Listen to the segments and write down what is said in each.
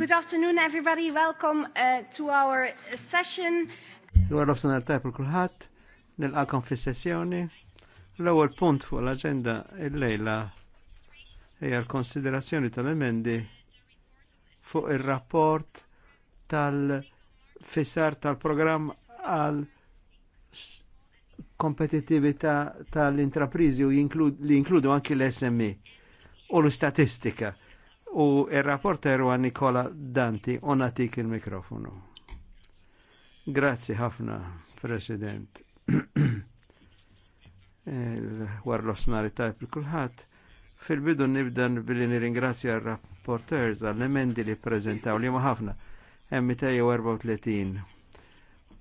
Good afternoon, everybody. Welcome uh, to our session. L-għarrof sanar l kulħat, nil-għakom fi sessjoni. l għol punt fuq l-agenda il-lejla hija l-konsiderazzjoni tal-emendi fuq il-rapport tal-fissar tal program għal kompetitività tal-intraprizi li jinkludu anki l-SME u l-statistika u il-rapporter wa Nikola Danti, onatik il-mikrofonu. Grazzi ħafna, President. War l-osnari tajb Fil-bidu nibdan billi nirringrazzja r-rapporters għall-emendi li prezentaw li ma ħafna, hemm 234.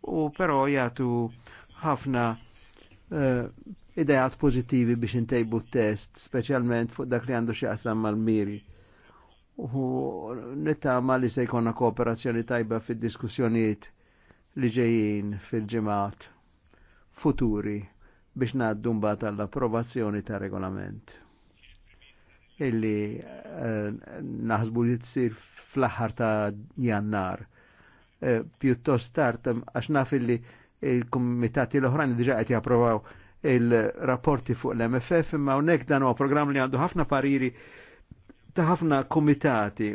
U però jagħtu ħafna ideat eh, idejat pozittivi biex intejbu t-test, specialment fuq dak li għandu xaqsam mal-miri u nittama li se jkonna kooperazzjoni tajba fil-diskussjonijiet li ġejjin fil-ġemat futuri biex naddu mbagħad għall-approvazzjoni ta' regolament illi eh, naħsbu li tsir fl-aħħar ta' jannar. Eh, pjuttost tard għax naf illi il-kumitati l-oħrajn diġa qed japprovaw il-rapporti fuq l-MFF imma hawnhekk dan huwa programm li għandu ħafna pariri ta' ħafna komitati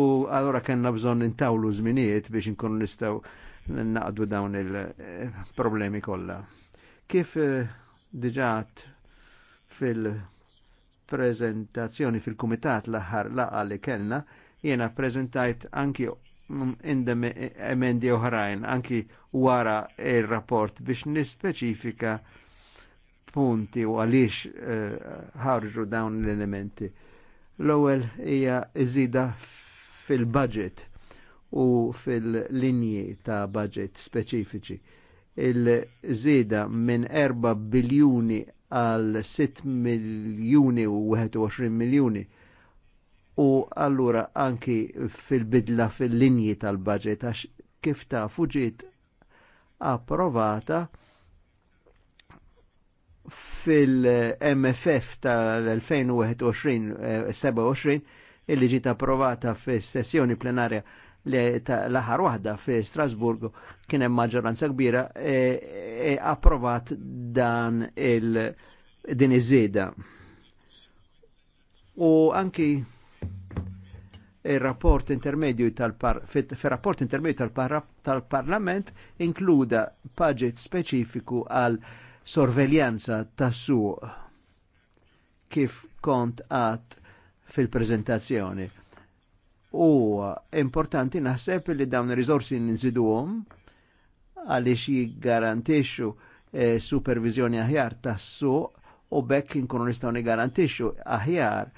u allora kellna bżonn intawlu żminijiet biex inkunu nistgħu naqdu dawn il-problemi kollha. Kif eh, diġat fil-prezentazzjoni fil-kumitat l-aħħar laqa li kellna, jiena prezentajt anki indem emendi oħrajn, anki wara il-rapport biex nispeċifika punti u għalix eh, ħarġu dawn l-elementi. Uh, L-ewwel hija iżida fil-budget u fil-linji ta' budget speċifiċi. Il-żieda minn 4 biljuni għal 6 miljuni u 21 miljuni u allura anki fil-bidla fil-linji tal-budget għax kif ta' fuġiet approvata fil-MFF tal-2021-27 eh, illi ġiet approvata fis-sessjoni plenarja l-aħħar waħda fi Strasburgu kien hemm maġġoranza kbira e, e approvat dan il din iż-żieda. U anki il-rapport intermedju tal-rapport intermedju tal-parlament tal inkluda paġit speċifiku għal sorveljanza ta' suq kif kont għat fil-prezentazzjoni. U importanti naħseb li dawn ir-riżorsi nżiduhom għaliex jiggarantixxu eh, supervizjoni aħjar tas-suq u bekk inkunu nistgħu nigarantixxu aħjar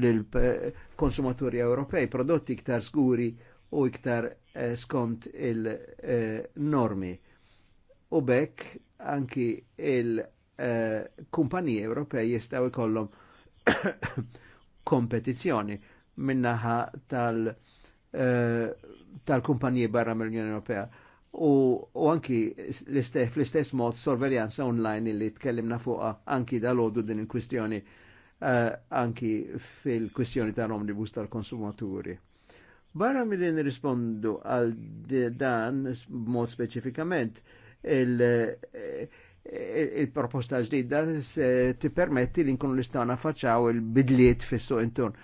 lil eh, konsumaturi Ewropej prodotti iktar skuri u iktar eh, skont il-normi. Eh, u bekk anki il kumpanije Ewropej jistaw ikollhom kompetizzjoni minnaħa tal- eh, tal kumpanije barra mill-Unjoni Ewropea. U, u anki fl-istess mod sorveljanza online li tkellimna fuqa anki dal-ħodu din il-kwistjoni eh, anki fil-kwistjoni tal-omnibus tal-konsumaturi. Barra mill-li nirrispondu għal dan mod speċifikament, uh, Eh, il-proposta ġdida se permetti li l-istana faċċaw il-bidliet fissu suq intun,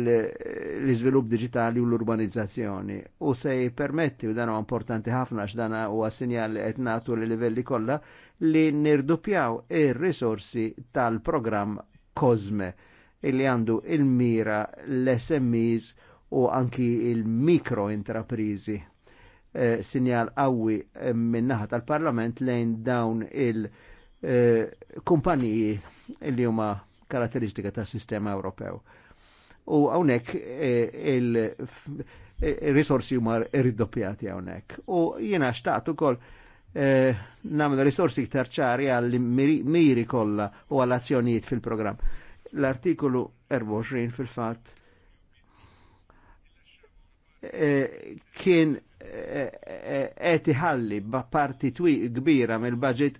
l-iżvilupp digitali u l-urbanizzazzjoni. U se permetti, u dan huwa importanti ħafna x'dana u huwa sinjal li li livelli kollha li nirdupjaw ir-risorsi tal-programm Kozme illi għandu il-mira l-SMEs u anki il-mikro intraprizi Eh, sinjal qawwi eh, minnaħa tal-Parlament lejn dawn il-kumpaniji eh, li huma karatteristika tas-sistema Ewropew. U hawnhekk il-risorsi huma irriddoppjati hawnhekk. U jiena xtaqt ukoll eh, namlu risorsi iktar ċari għall-miri kollha u għall-azzjonijiet fil-programm. L-artikolu 24 fil-fatt Eh, kien eh, eh, qed iħalli parti kbira mill-budget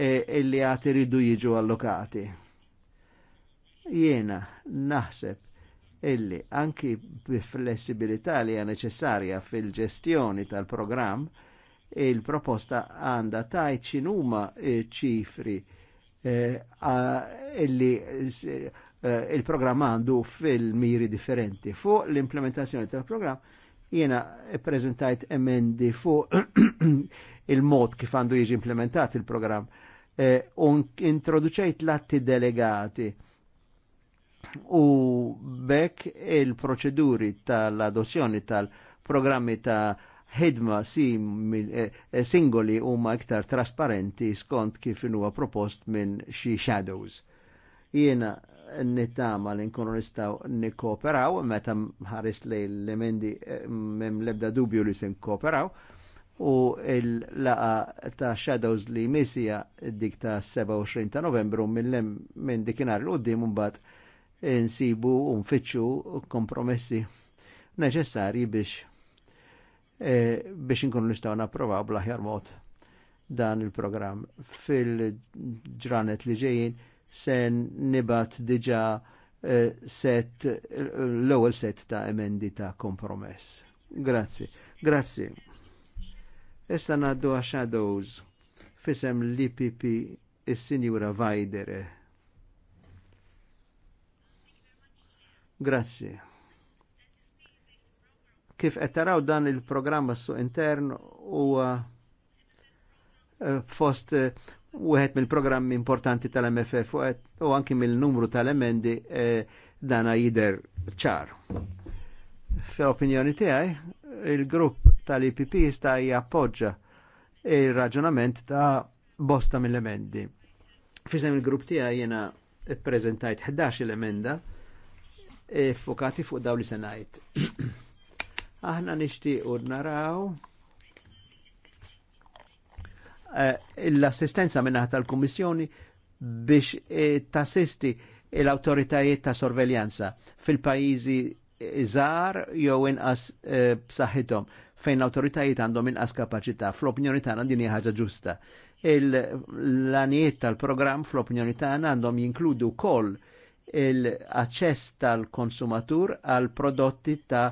illi għat iridu jiġu allokati. Jiena naħseb illi anki flessibilità li hija neċessarja fil-ġestjoni tal-programm, il-proposta għanda tajt x'inhuma ċifri illi Eh, il-programm għandu fil-miri differenti. Fuq l-implementazzjoni tal-programm jiena prezentajt emendi fuq il-mod kif għandu jiġi implementat il-programm. Eh, un introduċejt l-atti delegati u bekk il-proċeduri tal-adozzjoni tal-programmi ta' ħidma eh, singoli huma iktar trasparenti skont kif huwa propost minn xi shadows. Jiena nittama li nkunu nistaw nikkooperaw, meta ħaris li l-emendi eh, mem lebda dubju li se nkooperaw, u il-laqa ta' Shadows li misija dik ta' 27 ta' novembru minn dikinar l-qoddim mbagħad nsibu u nfittxu kompromessi neċessarji biex eh, biex nkunu nistaw napprovaw bl-aħjar mod dan il-programm fil-ġranet li ġejjin sen nibat diġa eh, set, l ewwel set ta' emendi ta' kompromess. Grazzi, grazzi. Issa naddu shadows. fisem l-IPP il-Sinjura Vajdere. Grazzi. Kif qed dan il-programma su intern huwa eh, fost eh, wieħed mill-programmi importanti tal-MFF u anki mill-numru tal-emendi eh, dana jider ċar. Fl-opinjoni tiegħi, il-grupp tal-IPP jista' jappoġġa il-raġunament ta' bosta mill-emendi. Fizem il-grupp tiegħi jiena ppreżentajt 11 il emenda fukati fuq daw li se ngħid. Aħna nixtiequ naraw Eh, l-assistenza minnaħ tal-Kummissjoni biex eh, tassisti l-autoritajiet ta' sorveljanza fil-pajizi iżar jew inqas eh, b'saħħithom fejn l-autoritajiet għandhom inqas kapaċità. Fl-opinjoni tagħna din hija ħaġa ġusta. il anijiet tal-programm fl-opinjoni tagħna għandhom jinkludu wkoll l-aċċess tal-konsumatur għal prodotti ta'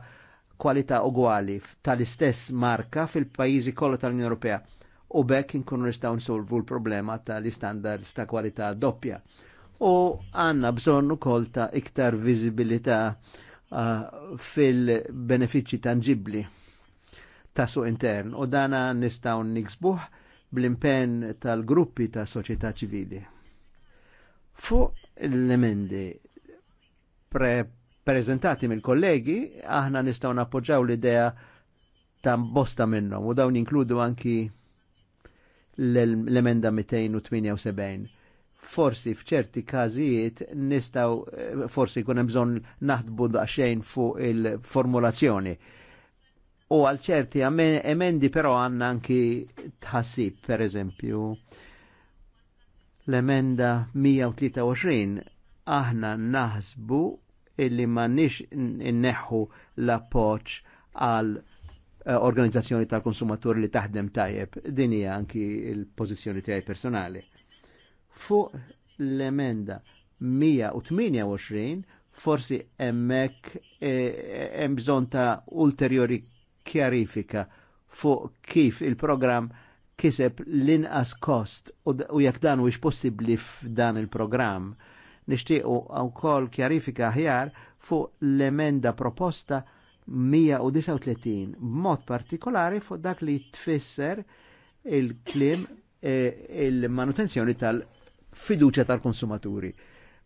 kwalità ugwali tal-istess marka fil-pajjiżi kollha tal-Unjoni Ewropea u bekk inkunu nistgħu nsolvu l-problema tal-istandards ta' kwalità doppja. U għanna bżonn ukoll ta' iktar viżibilità uh, fil-benefiċċji tangibbli ta' suq intern u dana nistgħu niksbuh bl-impenn tal-gruppi ta' soċjetà ċivili. Fuq l-emendi pre prezentati mill-kollegi, aħna nistgħu nappoġġaw l-idea ta' bosta minnhom u dawn inkludu anki l-emenda 278. Forsi fċerti każijiet nistaw, eh, forsi jkun hemm bżonn naħdbu daċxajn fuq il-formulazzjoni. U għal ċerti emendi però għanna anki tħassib, per eżempju, l-emenda 123 aħna naħsbu illi ma nix n-neħu l-appoċ għal Eh, organizzazzjoni tal-konsumatur li taħdem tajjeb. Din hija anki il-pożizzjoni tiegħi personali. Fuq l-emenda 128 forsi hemmhekk eh, hemm bżonn ta' ulterjori kjarifika fuq kif il-programm kiseb l-inqas kost u jekk dan wiex possibbli f'dan il-programm. Nixtiequ wkoll kjarifika aħjar fuq l-emenda proposta 139 b'mod partikolari fuq dak li tfisser il-klim e, il-manutenzjoni tal-fiduċa tal-konsumaturi.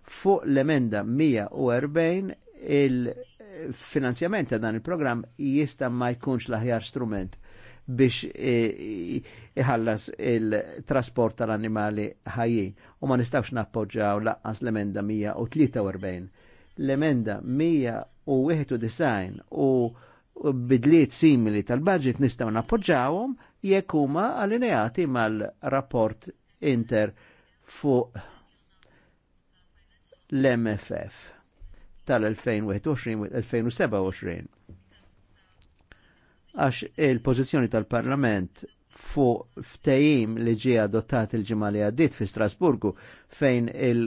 Fuq l-emenda 140 il-finanzjament ta' dan il-programm jista ma jkunx l-aħjar strument biex e, iħallas il-trasport tal-animali ħajjin u ma nistawx nappoġġaw laqqas l-emenda 143. L-emenda u design u bidliet simili tal-budget nistgħu nappoġġawhom jekk huma allineati mal-rapport inter fuq l-MFF tal-2021-2027. Għax il-pożizzjoni tal-Parlament fuq ftejim li ġie adottat il-ġimgħa li għaddiet fi Strasburgu fejn il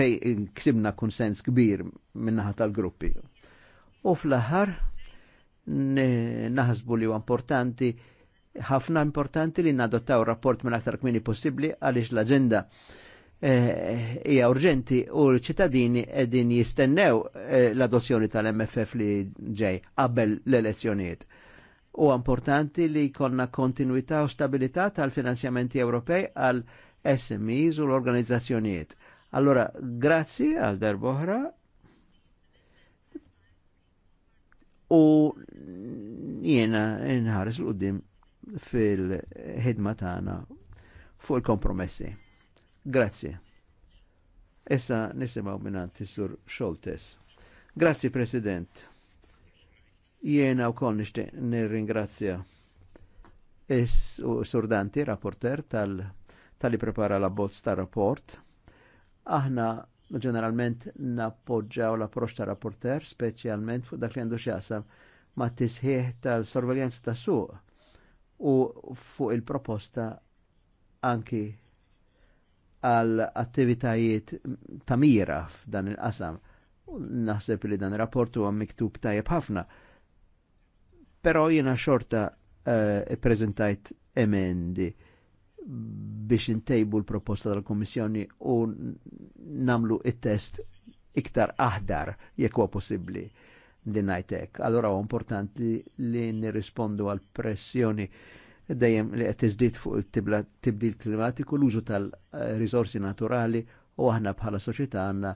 fejn ksibna konsens kbir min-naħa tal-gruppi. U fl-aħħar naħsbu li huwa importanti ħafna importanti li nadottaw rapport minn aktar kmini possibbli għaliex l-aġenda eh, hija eh, urġenti u l-ċittadini edin jistennew eh, l-adozzjoni tal-MFF li ġej qabel l-elezzjonijiet U importanti li jkollna kontinuità u stabilità tal-finanzjamenti Ewropej għal SMEs u l-organizzazzjonijiet. Allora, grazzi għal darboħra u jiena nħares l-qoddim fil-ħidma tagħna fuq il-kompromessi. Grazzi. Issa nisimgħu minn sur Xoltes. Grazzi President. Jiena u koll nir nirringrazzja is-surdanti, rapporter tal tal-li prepara la bozz ta' rapport. Aħna ġeneralment nappoġġaw l-approċ ta' rapporter, speċjalment fuq dak li għandu xjaqsam ma' tisħieħ tal-sorveljanza ta' suq u fuq il-proposta anki għal attivitajiet ta' mira f'dan il-qasam. Naħseb li dan il-rapport huwa miktub tajjeb ħafna Però jiena xorta uh, eh, prezentajt emendi biex intejbu l-proposta tal-Komissjoni u namlu it-test iktar aħdar jekk huwa possibbli li najtek. Allora huwa importanti li nirrispondu għal pressjoni dejjem li qed iżdied fuq il-tibdil klimatiku, l-użu tal-risorsi naturali u aħna bħala soċjetà għandna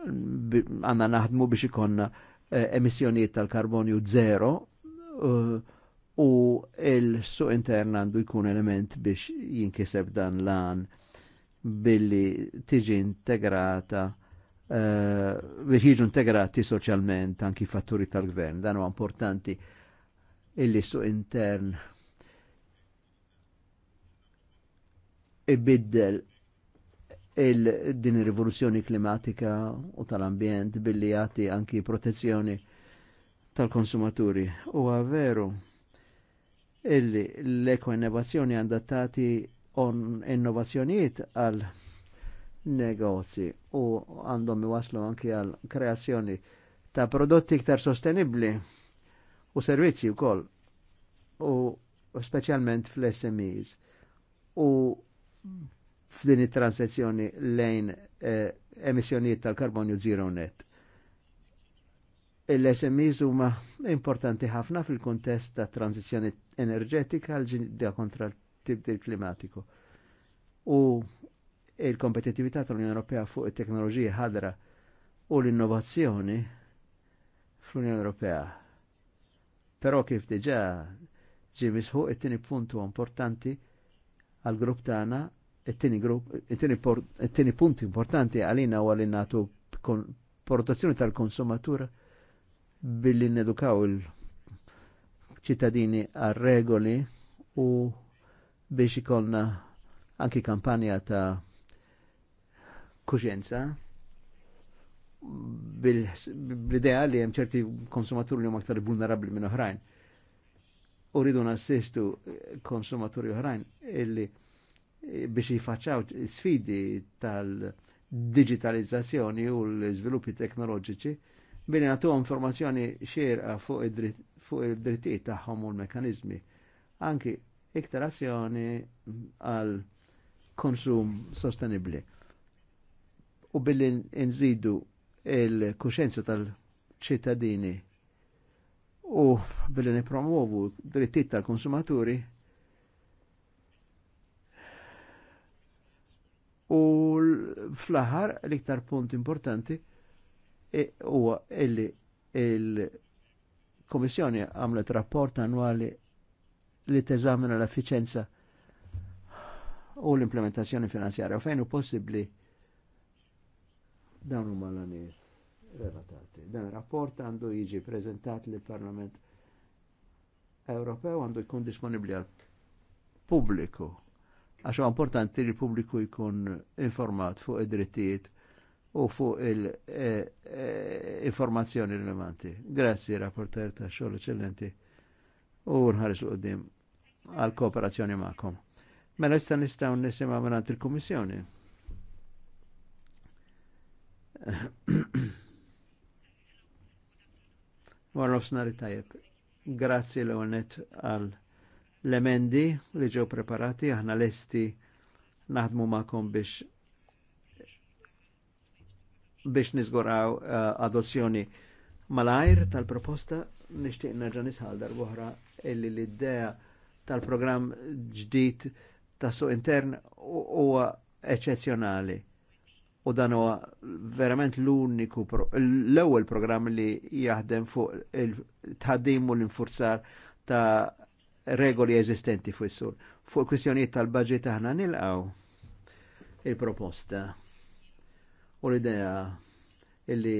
għandna naħdmu biex ikonna eh, emissjonijiet tal-karbonju zero u il su intern għandu jkun element biex jinkiseb dan lan billi tiġi integrata uh, biex jiġu integrati soċjalment anki fatturi tal-gvern. Dan huwa importanti illi su intern ibiddel il din rivoluzzjoni klimatika u tal-ambjent billi jati anki protezzjoni tal-konsumaturi. U veru illi l-ekoinnovazzjoni għandha tagħti on innovazzjonijiet għal negozji u għandhom iwaslu anki għal kreazzjoni ta' prodotti iktar sostenibli u servizzi wkoll u specialment fl-SMEs u f'din it-transazzjoni lejn eh, emissjonijiet tal-karbonju zero net l-SMEs huma importanti ħafna fil-kontest ta' tranzizjoni enerġetika għal ġindja kontra l-tibdil klimatiku. U il-kompetitività tal-Unjoni Ewropea fuq it-teknoloġija ħadra u l-innovazzjoni fl-Unjoni Ewropea. Però kif diġà ġie misħuq it-tieni punt huwa importanti għal grupp tagħna, it-tieni punt importanti għalina u għalin natu portazzjoni tal-konsumatura billi nedukaw il-ċittadini għal regoli u biex ikolna anki kampanja ta' kuxenza bil-idea li hemm ċerti konsumaturi li huma aktar vulnerabli minn oħrajn. U rridu nassistu konsumaturi oħrajn illi biex jifaċċaw sfidi tal-digitalizzazzjoni u l-iżviluppi teknoloġiċi bini għatu informazzjoni xierqa fuq id-drittijiet taħħom u l mekanizmi Anki iktar azzjoni għal konsum sostenibli. U billi nżidu il-kuxenza tal-ċittadini u billi nipromuvu drittijiet tal-konsumaturi u fl-aħħar l-iktar punt importanti E, huwa illi il-Komissjoni għamlet rapport annwali li teżamina l-effiċenza u l-implementazzjoni finanzjarja u fejn u possibbli dawn huma malanir relatati. Dan rapport għandu jiġi prezentat li parlament Ewropew għandu jkun disponibli għal pubbliku. Għaxo importanti li l-pubbliku jkun informat fuq id-drittijiet u fuq il-informazzjoni eh, eh, rilevanti. Grazzi, rapporter ta' xogħol eccellenti u nħares l-qoddim għal kooperazzjoni ma'kom. Mela issa nistgħu nisimgħu mingħand il-Kummissjoni. Warlof snari tajjeb. Grazzi l għonet għal l-emendi li ġew preparati, aħna lesti naħdmu ma'kom biex biex nizguraw eh, adozzjoni malajr tal-proposta nishtiq nerġa' nisħal darb'oħra illi l-idea tal-programm ġdid ta' suq intern huwa eċċezzjonali. U dan huwa verament l-uniku l-ewwel programm li jaħdem fuq il-tħaddim u l-infurzar ta' regoli eżistenti fuq is-sur. Fuq kwistjonijiet tal-baġit aħna nilqgħu il-proposta. il proposta u l-idea illi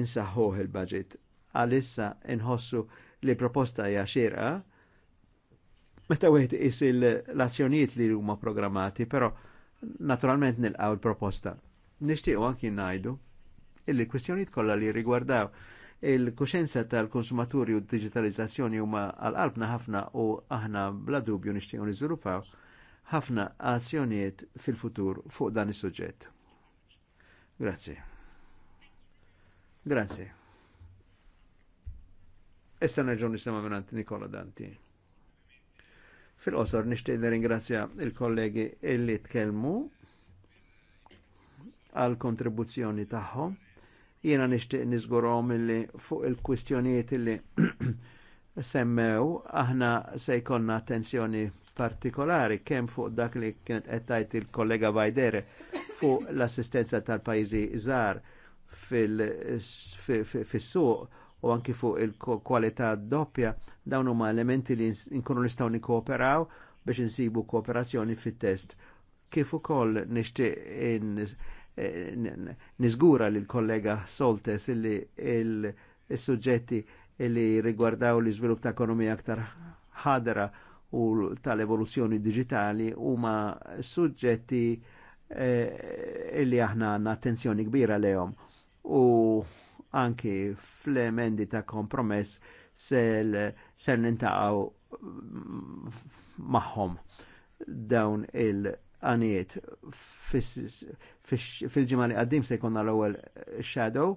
insaħħuħ il-budget. Għalissa inħossu li proposta hija meta wieħed is l-azzjonijiet li huma programmati, però naturalment nilqgħu l-proposta. Nixtiequ anki ngħidu illi kwistjonijiet kollha li rigwardaw il-kuxenza tal-konsumaturi u d-digitalizzazzjoni huma għal-qalbna ħafna u aħna bla dubju nixtiequ nizzurupaw ħafna azzjonijiet fil-futur fuq dan is-suġġett. Grazie. Grazie. Esta nerġgħu nistema minant Nikola Danti. Fil-qosor nixtieq ringrazzja il-kollegi illi tkellmu għal kontribuzzjoni tagħhom. Jiena nixtieq niżgurhom illi fuq il-kwistjonijiet illi semmew aħna se jkollna attenzjoni partikolari kemm fuq dak li kienet qed il-kollega Vajdere fuq l-assistenza tal-pajzi żgħar fis-suq u anki fuq il-kwalità doppja dawn huma elementi li nkunu nistgħu nikkooperaw biex insibu kooperazzjoni fit-test. Kif ukoll nixtieq niżgura lil kollega Soltes illi il-suġġetti illi rigwardaw l-iżvilupp ta' ekonomija aktar ħadra u tal-evoluzzjoni digitali huma suġġetti E, illi aħna għanna attenzjoni kbira lehom u anki fl-emendi ta' kompromess ser nintaqaw maħħom dawn il-għaniet fil-ġimali għaddim se jkonna l-ewel shadow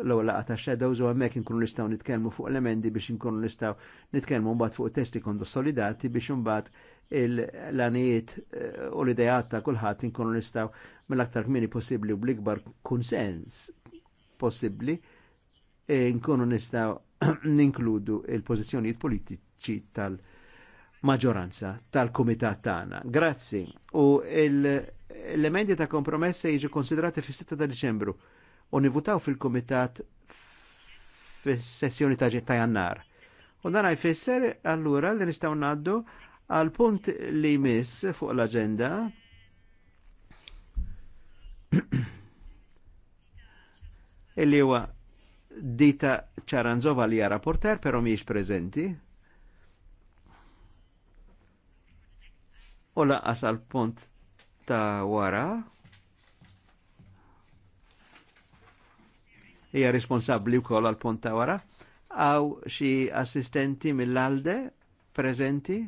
l-ewwel laqgħa ta' shadows u hemmhekk inkunu nistgħu nitkellmu fuq l-emendi biex inkunu nistgħu nitkellmu mbagħad fuq testi kondu solidati biex imbagħad l-għaniet eh, u l-idejat ta' kullħat inkunu nistaw mill-aktar kmini possibli u bl-ikbar konsens possibli eh, nkunu nistaw ninkludu il pozizjoniet politiċi tal-maġoranza tal-komitat tagħna. Grazzi. U l-elementi ta' kompromessa jiġu konsiderati fis-6 ta' Deċembru u nivutaw fil-komitat fis-sessjoni ta' jannar. U dan jfisser allura li nistgħu ngħaddu Għal punt li jmiss fuq l-agenda illi huwa Dita Ċaranzova li hija rapporter però mhijiex preżenti. U laqqas għal punt ta' wara hija responsabbli wkoll għal punt ta' wara għaw xi assistenti mill-alde preżenti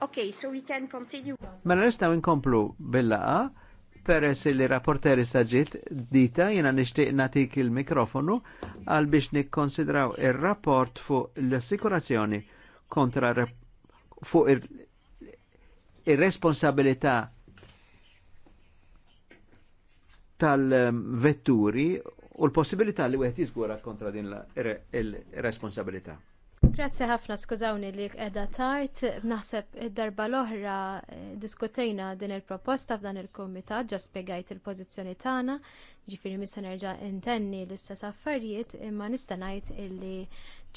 Okay, so we can continue. Mela nistgħu inkomplu bil-laqa, peress li rapporteri staġit dita jena nishtiq natik il-mikrofonu għal biex nikkonsidraw il-rapport fuq l-assikurazzjoni kontra fuq il-responsabilità tal-vetturi u l-possibilità li wieħed jiżgura kontra din il-responsabilità. Grazzi ħafna skużawni li qiegħda tard. Naħseb id-darba l-oħra eh, diskutejna din il-proposta f'dan il-kumitat ġa spjegajt il-pożizzjoni tagħna, ġifieri mista nerġa' intenni l-istess affarijiet imma nista' ngħid illi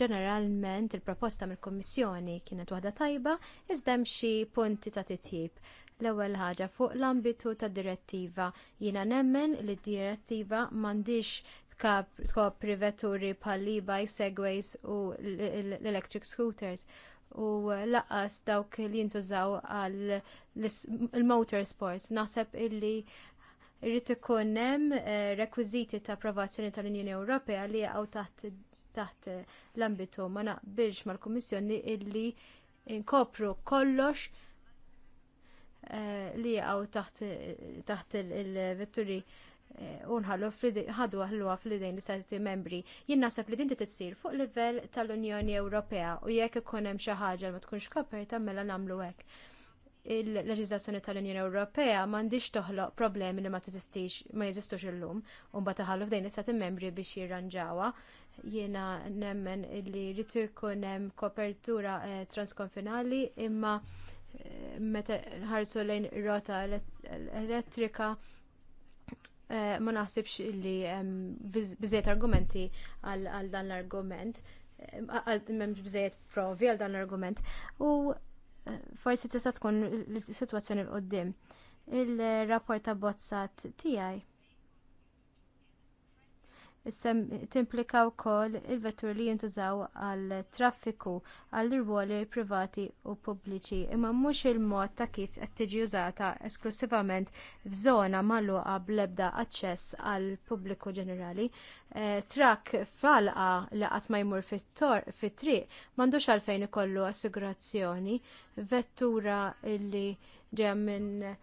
ġeneralment il-proposta mill-Kummissjoni kienet waħda tajba iżda hemm xi punti ta' titjib. L-ewwel ħaġa fuq l-ambitu tad direttiva jiena nemmen li d-direttiva m'għandix tkopri vetturi bħal e segways u l-electric scooters u lanqas dawk li jintużaw għal il-motorsports. Naħseb illi irrid ikun hemm eh, rekwiżiti ta' approvazzjoni tal-Unjoni Ewropea li jaqgħu taħt taħt eh, l-ambitu ma naqbilx mal-Kummissjoni illi inkopru kollox eh, li jaqgħu taħt il-vetturi unħallu ħadu għallu fl-idejn li stati membri. Jien naħseb li din t-tsir fuq livell tal-Unjoni Ewropea u jekk ikun hemm xi ħaġa ma tkunx koperta mela nagħmlu hekk. Il-leġiżlazzjoni tal-Unjoni Ewropea m'għandix toħloq problemi li ma tiżistix ma jeżistux illum u mbagħad taħallu f'dejn l-istati membri biex jirranġawha. Jiena nemmen li rritu ikun hemm kopertura eh, transkonfinali imma eh, meta ħarsu lejn rota elettrika Eh, ma naħsibx li bżejt argumenti għal dan l-argument, għal memx biżejt provi għal dan l-argument. U eh, forsi tista' tkun l-sitwazzjoni l-qoddim. Il-rapport ta' bozzat tiegħi timplika wkoll il-vetturi li jintużaw għal traffiku għall irwoli privati u pubbliċi imma mhux il-mod ta' kif qed tiġi użata esklusivament f'żona magħluqa bl-ebda aċċess għal pubbliku ġenerali. Eh, Trakk falqa li qatt ma jmur fit-triq m'għandux għalfejn ikollu assigurazzjoni vettura li ġejja minn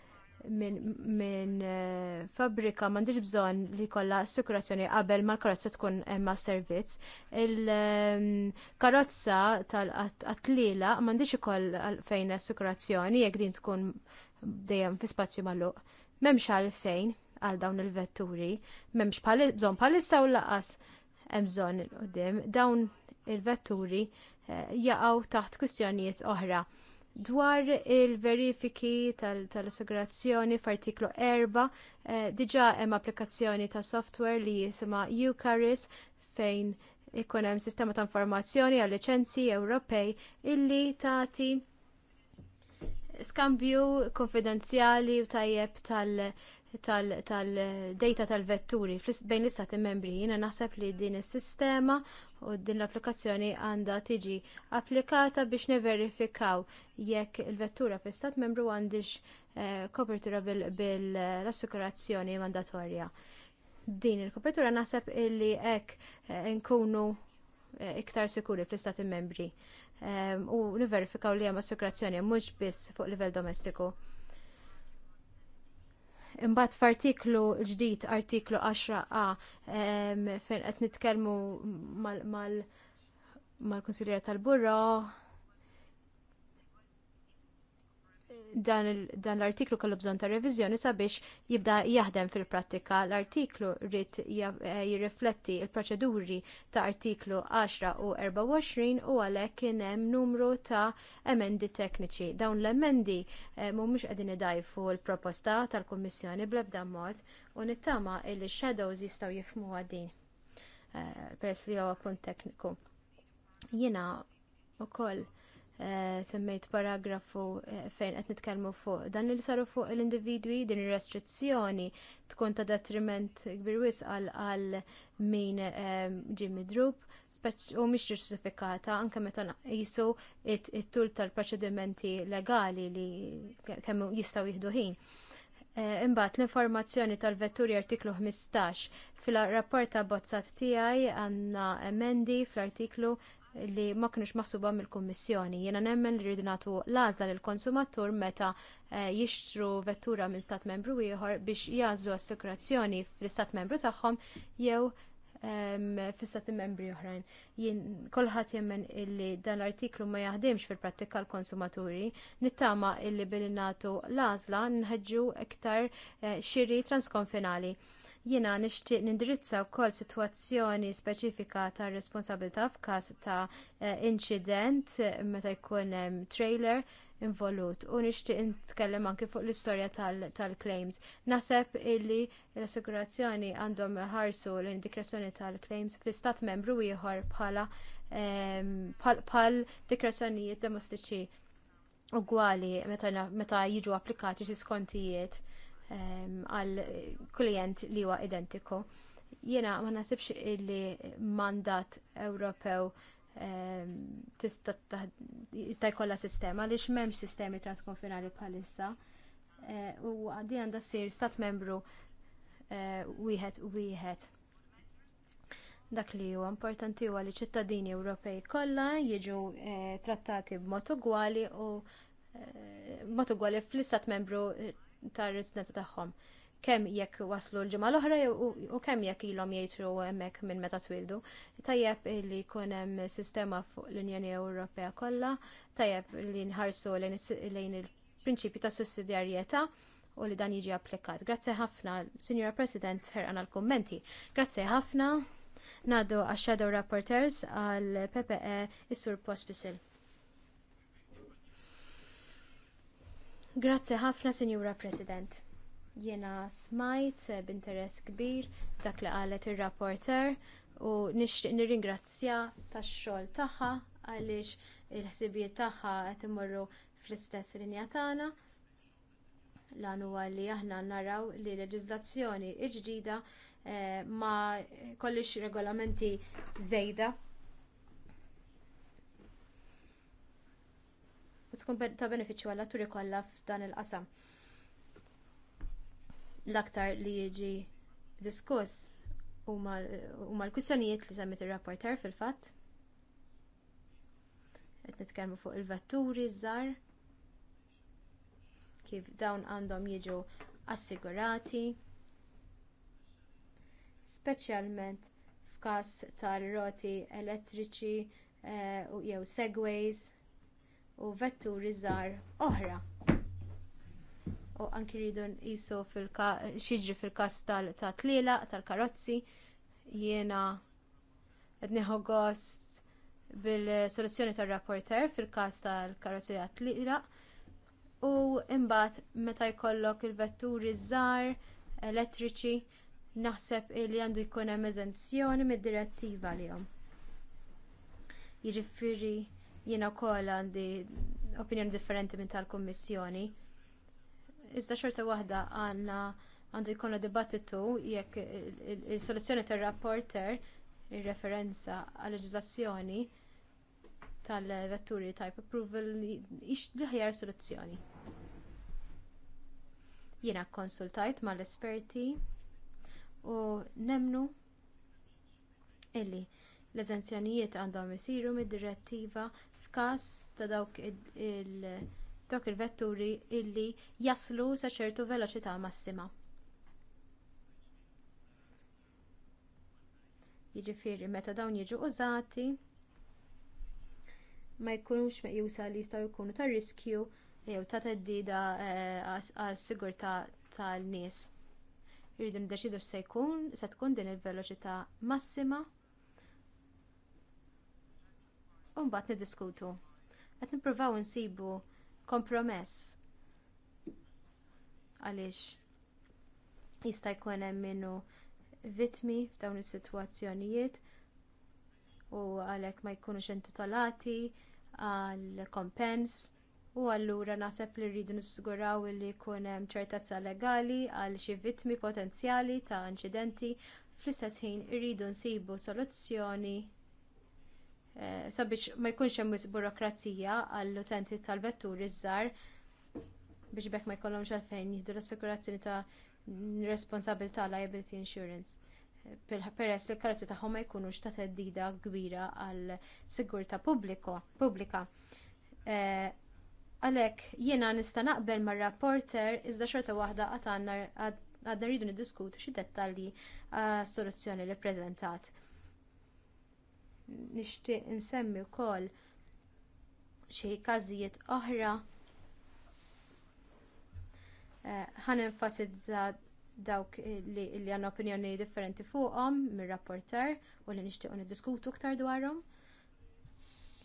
minn eh, fabrika m'għandix bżonn li jkollha assikurazzjoni qabel ma l-karozza tkun ma servizz. Il-karozza ehm, tal-atlila m'għandix ikoll fejn assikurazzjoni jekk din tkun dejjem fi spazju magħluq. M'hemmx għalfejn għal dawn il-vetturi, m'hemmx bżonn palissa u laqas hemm bżonn il qoddim dawn il-vetturi eh, jaqgħu taħt kwistjonijiet oħra Dwar il-verifiki tal-assigurazzjoni f'artiklu 4, eh, diġa hemm applikazzjoni ta' software li jisima Eucharis fejn ikun hemm sistema ta' informazzjoni għal liċenzji Ewropej illi tagħti skambju konfidenzjali u tajjeb tal- tal-data tal-vetturi bejn l-istati membri. Jiena naħseb li din is-sistema u din l-applikazzjoni għandha tiġi applikata biex neverifikaw jekk il-vettura fi stat membru għandix kopertura eh, bil-assikurazzjoni mandatorja. Din il-kopertura naħseb illi hekk eh, nkunu eh, iktar sikuri fl-istati membri u niverifikaw li hemm assikurazzjoni mhux biss fuq livell domestiku. Imbagħad f'artiklu ġdid artiklu 10a fejn qed nitkellmu mal kunsiljer tal-burro dan, l-artiklu kellu bżonn ta' reviżjoni sabiex jibda jaħdem fil-prattika. L-artiklu rrit eh, jirrifletti l proċeduri ta' artiklu 10 u 24 u għalhekk kien hemm numru ta' emendi tekniċi. Dawn l-emendi eh, mhumiex qegħdin idajfu l-proposta tal-Kummissjoni bl-ebda mod u nittama li shadows jistgħu jifhmuha din eh, peress li huwa punt tekniku. Jiena wkoll Eh, semmejt paragrafu eh, fejn qed nitkellmu fuq dan li saru fuq l-individwi din ir-restrizzjoni tkun ta' detriment kbir wisqal għal min eh, ġie Drup u mhix ġustifikata anke meta nqisu it-tul tal-proċedimenti legali li kemm jistgħu jieħdu ħin. Imbagħad l-informazzjoni tal-vetturi artiklu 15 fil-rapport bozzat tiegħi għandna emendi fl-artiklu li ma kienx maħsuba mill-Kummissjoni. Jiena nemmen li rridu nagħtu l-għażla lill konsumatur meta eh, jixtru vettura minn stat membru ieħor biex jażlu assikurazzjoni fl-istat membru tagħhom jew ehm, fissati membri oħrajn. Jien kolħat jemmen illi dan l-artiklu ma jaħdimx fil-prattika l-konsumaturi, nittama illi nagħtu natu lażla nħedġu iktar eh, xiri transkonfinali. Jiena nixtieq nindirizza wkoll sitwazzjoni speċifika ta' responsabilità f'każ ta' eh, inċident meta jkun hemm trailer involut u nixtieq nitkellem anke fuq l-istorja tal-claims. Naħseb illi l-assigurazzjoni għandhom ħarsu l-indikrazzjoni tal-claims fl-istat membru ieħor bħala ehm, bħal dikrazzjonijiet domestiċi ugwali meta jiġu applikati xi skontijiet għal klient li huwa identiku. Jiena ma nasibx illi mandat Ewropew tista' jkollha sistema għaliex m'hemmx sistemi transkonfinali bħalissa. E, u għaddi għandha ssir stat membru e, wieħed u wieħed. Dak li huwa importanti huwa li ċittadini Ewropej kollha jiġu e, trattati b'mod ugwali u b'mod ugwali fl-istat membru ta' residenza tagħhom. Kemm jekk waslu l-ġimgħa l-oħra u kemm jekk ilhom jgħidru hemmhekk minn meta twildu. Tajjeb li jkun hemm sistema fuq l-Unjoni Ewropea kollha, tajjeb li nħarsu lejn il-prinċipju ta' sussidjarjetà u li dan jiġi applikat. Grazzi ħafna, Signora President, ħerqan għal kummenti Grazzi ħafna, nadu għax-Shadow Rapporters għal PPE is-Sur Pospisil. Grazzi ħafna, Sinjura President. Jiena smajt b'interess kbir dak li qalet ir rapporter u nixtieq nirringrazzja tax-xogħol tagħha għaliex il-ħsibijiet tagħha qed imorru fl-istess linja tagħna. Lan huwa li aħna naraw li l leġiżlazzjoni l ġdida eh, ma kollix regolamenti żejda tkun ta' benefiċċju għall atturi kollha f'dan il-qasam. L-aktar li jiġi diskuss huma l-kwistjonijiet li semmet ir-rapporter fil-fatt. Qed nitkellmu fuq il-vetturi żgħar kif dawn għandhom jiġu assigurati speċjalment f'każ tal-roti elettriċi eh, u jew segways u vetturi żgħar oħra. U anki rridu nqisu xiġri fil-każ ta' tlielaq tal-karozzi jiena qed nieħu gost bil-soluzzjoni tar-rapporter fil-każ tal-karozzi ta' tlielaq u mbagħad meta jkollok il-vetturi żgħar elettriċi naħseb li għandu jkun hemm eżenzjoni mid-direttiva għalihom. Jiġifieri Jiena kol għandi opinjoni differenti minn tal-Kummissjoni. Iżda xorta waħda għandna għandu jkollna dibattitu jekk il-soluzzjoni tar rapporter il referenza għal leġiżlazzjoni tal-vetturi type approval l liħjar soluzzjoni. Jiena kkonsultajt mal-esperti u nemnu illi l-eżenzjonijiet għandhom isiru mid-direttiva f'każ ta' dawk il-vetturi illi jaslu sa' ċertu veloċità massima. Jiġifieri meta dawn jiġu użati ma jkunux meqjusa li jistgħu jkunu ta' riskju jew ta' theddida eh, għal sigurtà tan-nies. Irridu niddeċidu x'se jkun se tkun din il-veloċità massima u mbagħad niddiskutu. Qed nippruvaw insibu kompromess għaliex jista' jkun hemm minnu vittmi f'dawn is-sitwazzjonijiet u għalhekk ma jkunux intitolati għal kompens u allura naħseb li rridu nissiguraw li jkun hemm ċertezza legali għal xi vittmi potenzjali ta' inċidenti fl-istess ħin irridu nsibu soluzzjoni Eh, sabiex ma jkunx hemm burokrazija għall-utenti tal-vetturi żgħar biex bekk ma jkollhomx għalfejn jieħdu l-assikurazzjoni ta' responsabilità liability insurance. Peress li l-karozzi tagħhom ma jkunux ta' teddida kbira għal sigurtà pubblika. Eh, għalhekk jiena nista' naqbel mar-rapporter iżda xorta waħda għad għadna rridu niddiskutu xi dettalji għas eh, soluzzjoni li ppreżentat nixtieq insemmi wkoll xi każijiet oħra eh, ħan enfasizza dawk li, li għanna opinjoni differenti fuqhom mir rapporter u li nixtiequ niddiskutu aktar dwarhom.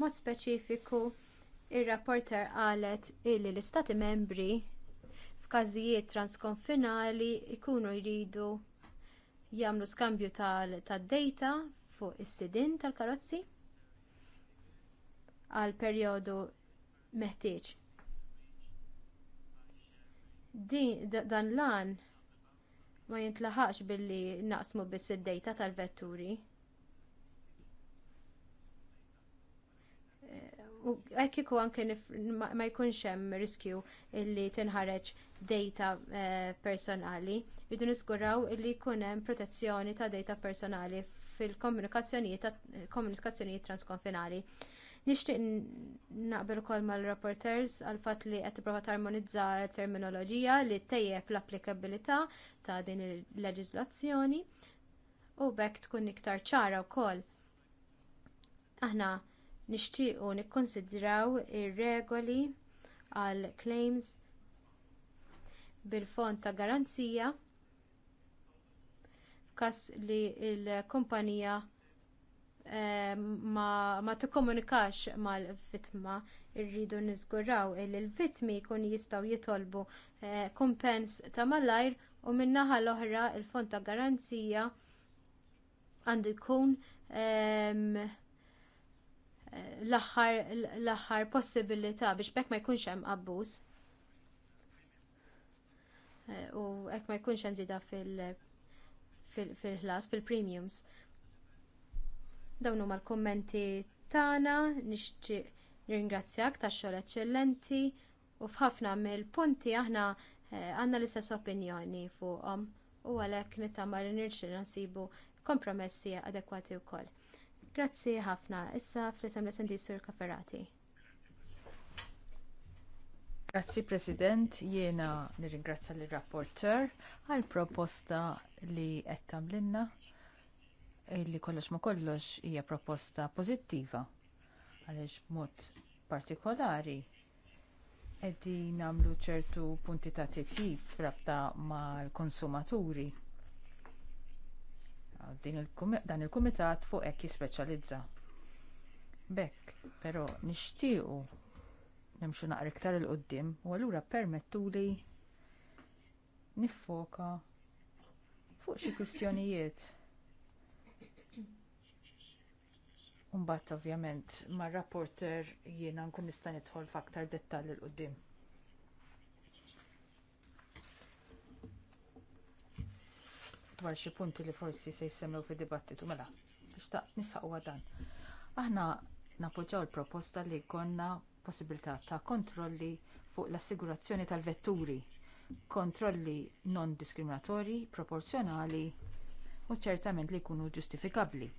Mod speċifiku, ir rapporter qalet li l-istati membri f'każijiet transkonfinali jkunu jridu jagħmlu skambju tad-data fuq is-sidin tal-karozzi għal perjodu meħtieġ. Dan lan ma jintlaħax billi naqsmu biss id dejta tal-vetturi. Eh, hekk iku anke ma jkunx hemm riskju li tinħareġ data eh, personali, jidu niskuraw li jkun hemm protezzjoni ta' data personali fil-komunikazzjonijiet transkonfinali. Nixtieq naqbel ukoll mal rapporteurs għal fatt li qed tipprova tarmonizza terminoloġija li tejjeb l-applikabilità ta' din il-leġiżlazzjoni u bekk tkun iktar ċara wkoll. Aħna nixtiequ nikkonsidraw ir-regoli għal claims bil-fond ta' garanzija kas li l-kumpanija eh, ma, ma tikkomunikax mal-vittma irridu niżguraw li l-vittmi jkunu jistgħu jitolbu eh, kumpens ta' malajr u min-naħa l-oħra l fond ta' garanzija għandu jkun ehm, l-aħħar possibilità biex bekk ma jkunx hemm abbuż eh, u hekk ma jkunx hemm fil- fil-ħlas, fil-premiums. Dawn huma l-kummenti tagħna, nixtieq nirringrazzjak tax-xogħol eċċellenti u f'ħafna mill-punti aħna eh, għandna l-istess opinjoni fuqhom u għalhekk nittama li nirxiel nsibu kompromessi adekwati wkoll. Grazzi ħafna. Issa fl-isem l-sendi Sur Kaferati. Grazzi President, jiena nirringrazzja l rapporteur għall proposta li qed inna li kollox ma kollox hija proposta pożittiva għaliex mod partikolari qegħdin nagħmlu ċertu punti ta' titjib frabta mal-konsumaturi. Dan il-kumitat fuq hekk jispeċjalizza. Bekk però nixtiequ nimxu naqra iktar il qudiem u allura permettuli niffoka fuq xi kwistjonijiet. Imbagħad ovvjament mar rapporter jiena nkun nista' nidħol f'aktar dettall il qudiem dwar xi punti li forsi se jsemmew fid-dibattitu mela tixtaq nisħaq dan. Aħna napoġġaw il-proposta li jkollna possibilità ta' kontrolli fuq l-assigurazzjoni tal-vetturi, kontrolli non diskriminatorji, proporzjonali u ċertament li jkunu ġustifikabbli.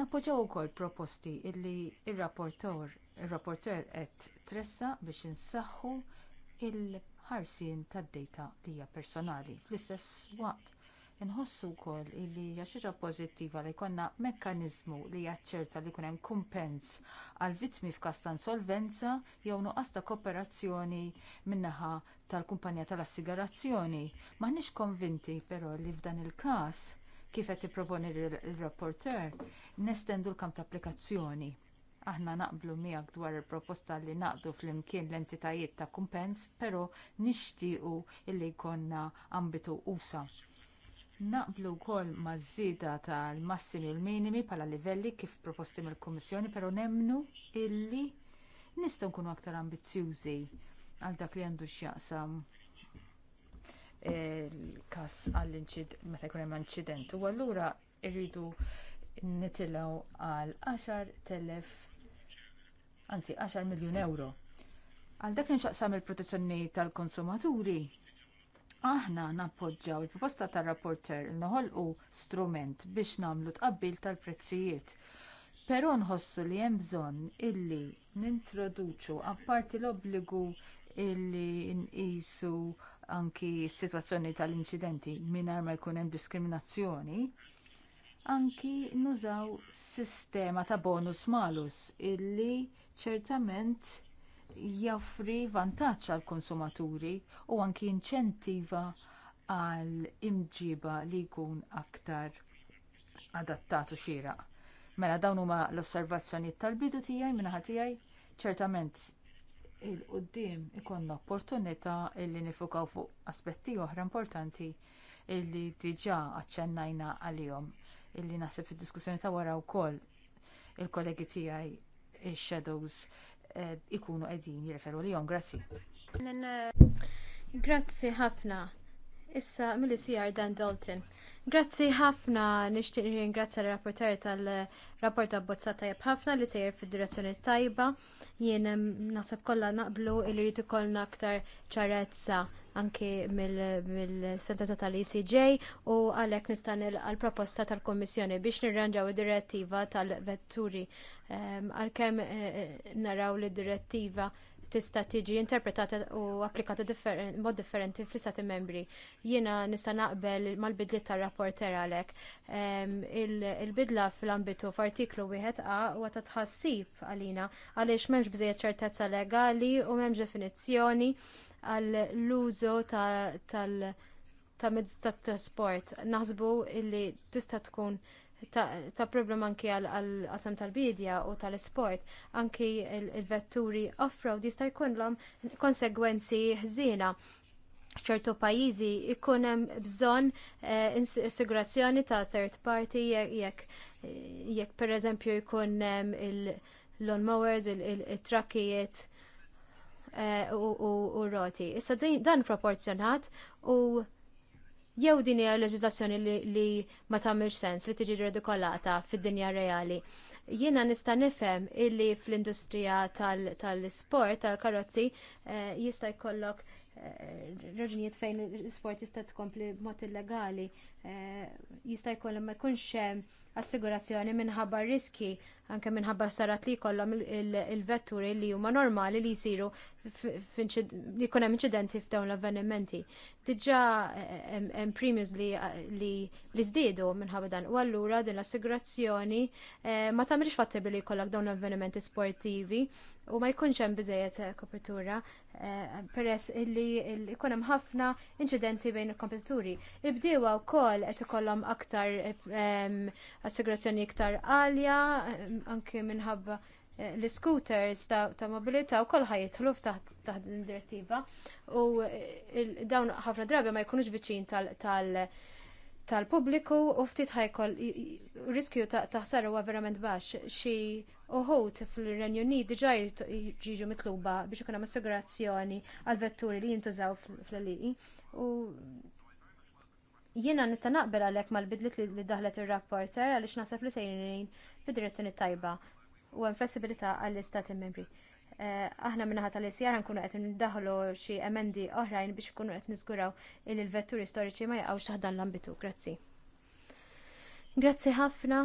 Nappoġġaw ukoll proposti li r rapportor il-rapporter qed tressa biex insaħħu il ħarsien tad-dejta li hija personali. Fl-istess waqt Inħossu wkoll li hija xi ħaġa pożittiva li jkollna mekkaniżmu li jaċċerta li jkun hemm kumpens għal vittmi f'każ ta' insolvenza jew nuqqas ta' kooperazzjoni min-naħa tal-kumpanija tal-assigurazzjoni. M'aħniex konvinti però li f'dan il-każ kif qed tipproponi r-rapporteur nestendu l-kamp ta' applikazzjoni. Aħna naqblu miegħek dwar il-proposta li naqdu flimkien l-entitajiet ta' kumpens, però nixtiequ illi jkollna ambitu usa Naqblu wkoll maż-żieda tal-massimi u l-minimi bħala livelli kif proposti mill-Kummissjoni, però nemnu illi nistgħu nkunu aktar ambizzjużi għal dak li għandu x'jaqsam il-kas eh, għall-inċid meta jkun hemm inċident. U allura irridu nitilgħu għal 10 anzi 10 miljun euro. Għal dak li nxaqsam il-protezzjoni tal-konsumaturi, Aħna nappoġġaw il-proposta tar rapporter noħolqu strument biex nagħmlu tqabbil tal-prezzijiet. Però nħossu li hemm bżonn illi nintroduċu apparti l-obbligu illi nqisu anki s-sitwazzjoni tal-inċidenti mingħajr ma jkun hemm diskriminazzjoni anki nużaw sistema ta' bonus malus illi ċertament joffri vantaġġ għall konsumaturi u anki inċentiva għal imġiba li jkun aktar adattatu xieraq. Mela dawn huma l-osservazzjonijiet tal-bidu tiegħi minnaħa tiegħi ċertament il-qoddim ikonna opportunità illi nifukaw fuq aspetti oħra importanti illi diġà aċċennajna għalihom illi naħseb fid-diskussjoni ta' wara wkoll il-kollegi tiegħi ix-shadows ikunu għedin jirreferu jom, Grazzi. Grazzi ħafna. Issa mill sijar Dan Dalton. Grazzi ħafna nixtieq ringrazzja l-rapporter tal-rapport abbozza tajjeb ħafna li sejjer fid-direzzjoni tajba. Jien mm, naħseb kollha naqblu li rid ikollna aktar ċarezza anki mill-sentenza tal-ECJ u għalhekk nistan nilqa' proposta tal-Kummissjoni biex nirranġaw id-direttiva tal-vetturi ehm, għalkemm eh, eh, naraw li d-direttiva tista' tiġi interpretata u applikata mod differenti fl-istati membri. Jiena nista' naqbel mal-bidliet tar-rapporter għalhekk. Ehm, il-bidla fl-ambitu f'artiklu wieħed a huwa ta' tħassib għalina għaliex m'hemmx bżejjed ċertezza legali u m'hemmx definizzjoni għall-użu ta' mezz tat trasport. Naħsbu li tista' tkun ta' problema anki għal-qasam tal-bidja u tal-sport, anki il-vetturi off-road jista' jkunlhom konsegwenzi ħżiena f'ċertu pajjiżi ikun hemm bżonn eh, assigurazzjoni ta' third party jekk pereżempju jkun hemm il-lawnmowers, il-trakkijiet Eh, u roti. Issa dan proporzjonat u jew din hija leġislazzjoni li ma tagħmilx sens li tiġi redikolata fid-dinja reali. Jiena nista' nifhem illi fl-industrija tal-isport, tal-karozzi, eh, jista' jkollok eh, raġunijiet fejn l-sport jista' tkompli b'mod illegali, jista' jkollhom ma jkunx hemm assigurazzjoni minħabba riski anke minħabba sarat li jkollhom il-vetturi li huma normali li jsiru li jkun hemm inċidenti f'dawn l-avvenimenti. Diġà eh, eh, hemm premiums eh, li żdiedu minħabba dan u allura din l-assigurazzjoni ma tagħmilx fattibbli li jkollok dawn l-avvenimenti sportivi u ma jkunx hemm biżejjed kopertura peress li jkun hemm ħafna inċidenti bejn il-kompetituri. Ibdiewa wkoll qed ikollhom aktar assigurazzjoni iktar għalja, anke minħabba eh, l-scooters ta' mobilità u kolħa jitħlu taħt din direttiva u eh, dawn ħafna drabi ma jkunux viċin tal-pubbliku u ftit ħajkol riskju ta' ħsar huwa verament baxx. Xi uħut fil-Renju Unit diġà jiġu mitluba biex ikun hemm assigurazzjoni għal vetturi li jintużaw fl-liqi Jiena nista' naqbel għalhekk mal-bidlit li daħlet ir-rapporter għaliex naħseb li sejrin fid-direzzjoni tajba u hemm flessibilità għall-istati membri. Eh, aħna minnaħat li isr nkunu qed ndaħlu xi emendi oħrajn biex ikunu qed niżguraw il vetturi storiċi ma jaqgħux taħdan l-ambitu. Grazzi. Grazzi ħafna.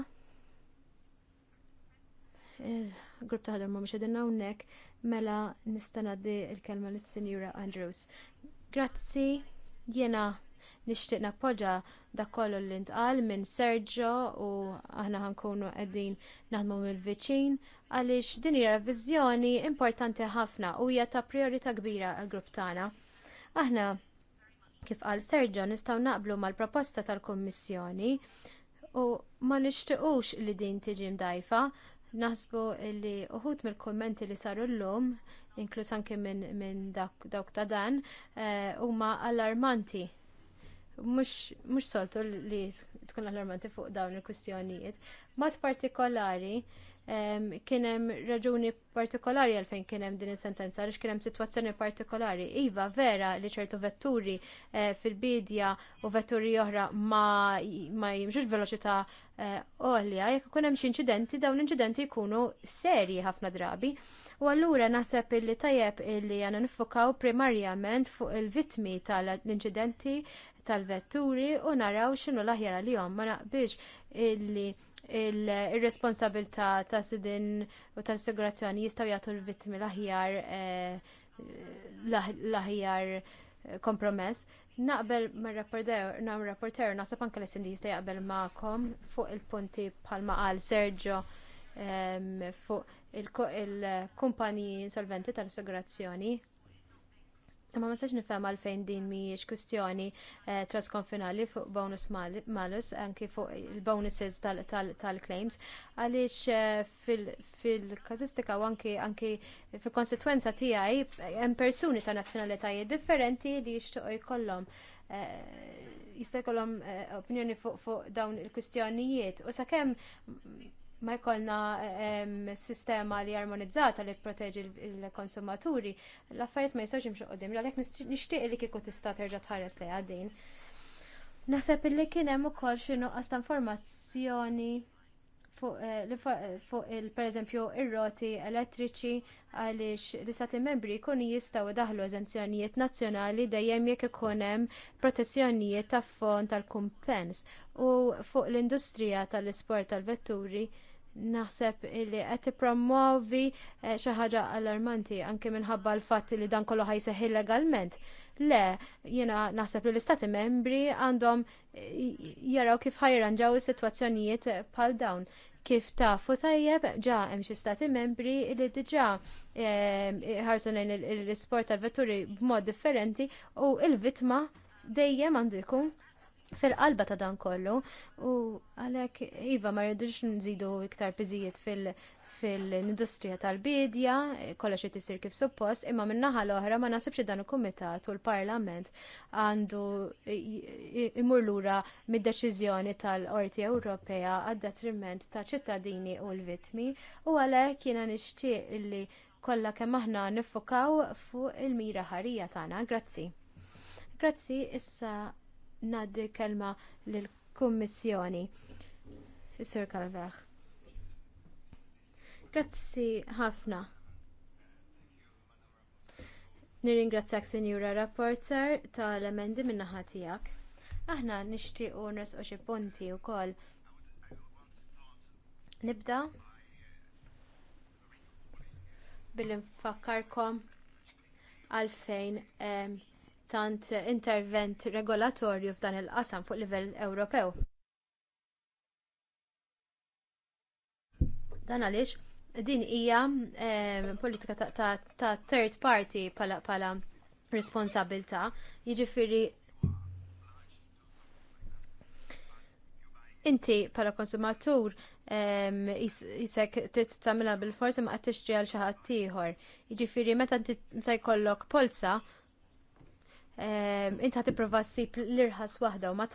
Il-grupp taħdem ma mhux qegħdin hawnhekk mela nista' ngħaddi l-kelma lis-Sinjura Andrews. Grazzi, jiena Nixtieq nappoġġa dak kollu li ntqal minn Sergio u aħna ħankunu qegħdin naħdmu mill-viċin għaliex din hija viżjoni importanti ħafna u hija ta' priorità kbira għall grupp tagħna. Aħna kif qal Sergio nistgħu naqblu mal-proposta tal-Kummissjoni u ma nixtiequx li din tiġi mdajfa. Naħsbu li uħud mill-kummenti li saru llum, inkluż anke minn min dawk ta' dan, eh, huma allarmanti mhux soltu li tkun allarmanti fuq dawn il-kustjonijiet. Mod partikolari kien hemm raġuni partikolari għalfejn kien hemm din is-sentenza għaliex kien hemm sitwazzjoni partikolari. Iva vera li ċertu vetturi eh, fil-bidja u vetturi oħra ma, jimxux veloċità eh, għolja, jekk ikun hemm xi inċidenti, dawn l-inċidenti jkunu serji ħafna drabi. U allura naħseb li tajjeb li għana nifokaw primarjament fuq il-vitmi tal-inċidenti tal-vetturi u naraw x'inhu l-aħjar għalihom ma naqbilx illi il-responsabilta ta' sidin u tal-assigurazzjoni jistgħu jagħtu l-vittmi l-aħjar eh, l-aħjar eh, kompromess. Naqbel ma' rapporter, naħseb anke li sindi jista' jaqbel ma'kom fuq il-punti bħalma qal Sergio ehm, fuq il-kumpaniji insolventi tal-assigurazzjoni Ma ma sax nifhem għalfejn din mhijiex kwistjoni eh, transkonfinali fuq bonus malus anki fuq il-bonuses tal-claims għaliex eh, fil-kazistika u anki fil-konsekwenza tiegħi hemm persuni ta' nazzjonalitajiet differenti li jixtiequ jkollhom eh, jista' jkollhom opinjoni fuq dawn il-kwistjonijiet u sakemm ma jkollna sistema li armonizzata li proteġi l-konsumaturi, l-affarijiet ma jistgħux jimxu L għalhekk nixtieq li kieku tista' terġa' tħares li għaddin. Naħseb illi kien hemm ukoll xi għasta informazzjoni fuq eh, il pereżempju ir-roti elettriċi għaliex l-istati membri jkunu jistgħu daħlu eżenzjonijiet nazzjonali dejjem jekk ikun hemm protezzjonijiet ta' fond tal-kumpens u fuq l-industrija tal-isport tal-vetturi naħseb illi qed tippromovi eh, xi ħaġa allarmanti anke minħabba l fat li dan kollu ħajseħ illegalment. Le, jena naħseb li l-istati membri għandhom eh, jaraw kif ħajranġaw is-sitwazzjonijiet bħal dawn. Kif tafu tajjeb ġa hemm xi stati membri li diġa' eh, ħarsu lejn l-isport tal-vetturi b'mod differenti u l vittma dejjem għandu jkun fil-qalba ta' dan kollu u għalhekk iva ma rridux nżidu iktar biżijiet fil-industrija tal-bidja, kollox qed isir kif suppost, imma min-naħa l-oħra ma nasibx li dan il-kumitat u l-Parlament għandu imur lura mid-deċiżjoni tal-Qorti Ewropea għad-detriment ta' ċittadini u l-vittmi u għalhekk jiena nixtieq li kollha kemm aħna niffokaw fuq il-mira ħarija tagħna. Grazzi. Grazzi issa naddi kelma lill-Kummissjoni. Sir Kalvach. Grazzi ħafna. Nirringrazzjak Sinjura Rapporter tal-emendi min-naħa tiegħek. Aħna nixtiequ nresqu xi punti wkoll. Nibda billi nfakkarkom għalfejn ehm, tant intervent regolatorju f'dan il-qasam fuq livell Ewropew. Dan għaliex din hija eh, politika ta', ta, ta third party pala, pala responsabilta, jiġifieri inti bħala konsumatur jisek trid tagħmilha bil-forsi ma qed tixtri għal xi ħadd ieħor. Jiġifieri meta jkollok polza inti ħat tipprova ssib l-irħas waħda u ma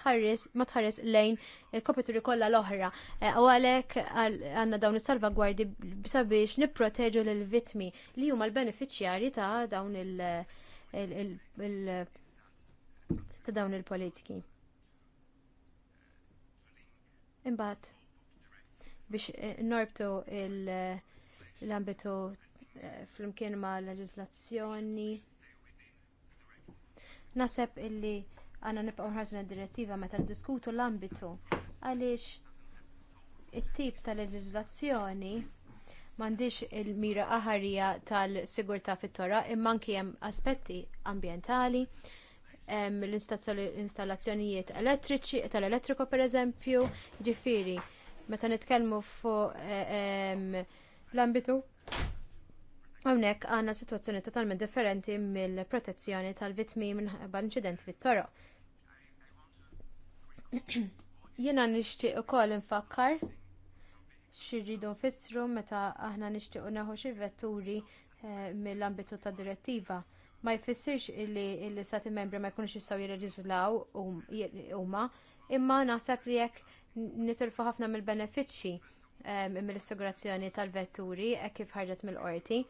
tħares lejn il-kopituri kollha l-oħra. Eh, u għalhekk għandna dawn is-salvagwardi sabiex nipproteġu lill vittmi li huma l-benefiċjarji ta' dawn il- ta' dawn il-politiki. Imbagħad biex eh, norbtu l-ambitu eh, flimkien ma' leġislazzjoni Naseb illi għanna nibqgħu nħarġna direttiva meta niddiskutu l-ambitu għaliex it-tip ta' leġiżlazzjoni m'għandix il-mira aħarija tal-sigurtà fit-torra imma anki hemm aspetti ambjentali, l-installazzjonijiet elettriċi tal-elettriku pereżempju, jiġifieri meta nitkellmu fuq eh, l-ambitu Hawnhekk għandna sitwazzjoni totalment differenti mill-protezzjoni tal-vittmi minħabba inċident fit-toroq. Jiena nixtieq ukoll infakkar xirridu nfissru meta aħna nixtiequ neħu xi vetturi eh, mill-ambitu ta' direttiva. Ma jfissirx illi l-istati membri ma jkunux jistgħu jirreġislaw um, huma, imma naħseb li jekk nitilfu ħafna mill-benefiċċji eh, mill-assigurazzjoni tal-vetturi kif ħarġet mill-qorti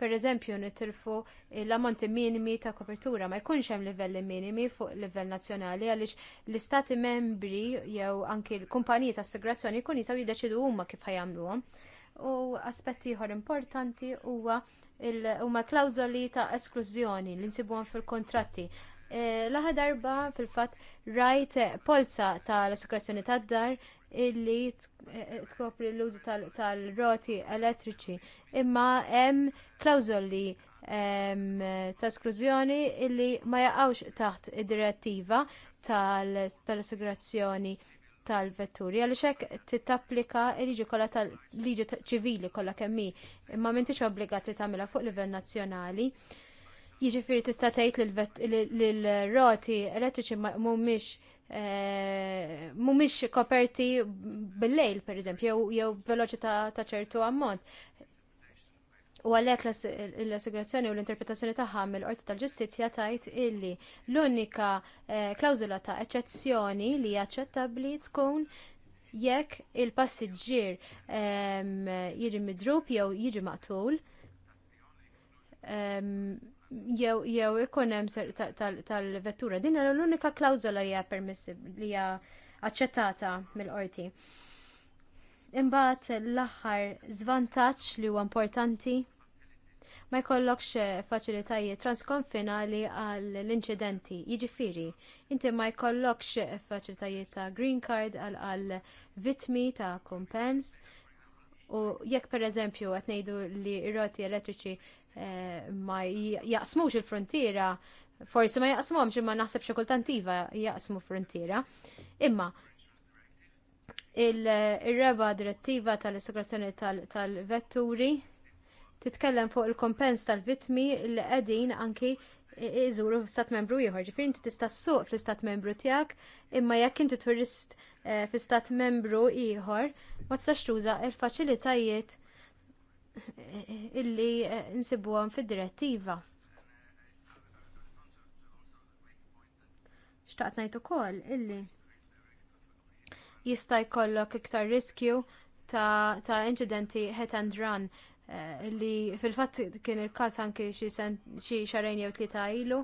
pereżempju nitilfu l-ammonti minimi ta' kopertura ma jkunx hemm livelli minimi fuq livell nazzjonali għaliex l-istati membri jew anki l-kumpaniji ta' assigurazzjoni jkun jistgħu jiddeċidu huma kif ħajamluhom. U aspetti ieħor importanti huwa huma klawżoli ta' esklużjoni li nsibuhom fil-kontratti eh, l darba fil-fatt rajt polza tal-assikurazzjoni tad-dar illi eh, eh, tkopri l-użu tal-roti elettriċi. Imma hemm klawżoli ta' esklużjoni illi ma jaqgħux taħt id-direttiva tal-assigurazzjoni tal-vetturi għaliex hekk tittapplika l-liġi tal-liġi ċivili kollha kemm hi, imma m'intix obbligat li tagħmilha fuq livell nazzjonali. Jiġifieri tista' tgħid lill roti elettriċi mhumiex Eh, mhumiex koperti bil-lejl eżempju, jew veloċità ta' ċertu ammont. U għalhekk l-assigurazzjoni u l-interpretazzjoni ta' mill-Qorti tal-Ġustizzja tajt illi l-unika eh, klawzula ta' eċċezzjoni li jaċċettabli tkun jekk il-passiġġier ehm, jiġi midrub jew jiġi maqtul ehm, jew jew ikun hemm tal-vettura. Din l-unika klawżola li hija permissibbli li hija aċċettata mill-qorti. Imbagħad l-aħħar żvantaġġ li huwa importanti ma jkollokx eh, faċilitajiet transkonfinali għall inċidenti Jiġifieri, inti ma jkollokx eh, faċilitajiet ta' green card għal vittmi ta' kumpens. U jekk pereżempju qed ngħidu li r-roti elettriċi Eh, ma jaqsmux il-frontiera forsi ma jaqsmuhomx imma naħseb xi kultant iva jaqsmu frontiera. Imma il-reba direttiva tal-istikrazzjoni tal-vetturi titkellem fuq il-kompens tal-vitmi li qegħdin anki iżuru stat membru ieħor. Ġifieri inti tista' ssuq fl-istat membru tiegħek, imma jekk inti turist eh, fl-istat membru ieħor ma tistax tuża l faċilitajiet illi eh, nsibuhom fid-direttiva. Xtaqt ngħid ukoll illi jista' jkollok iktar riskju ta', ta inċidenti hit and run eh, li fil-fatt kien il-każ anki xi xarejn jew tlieta ilu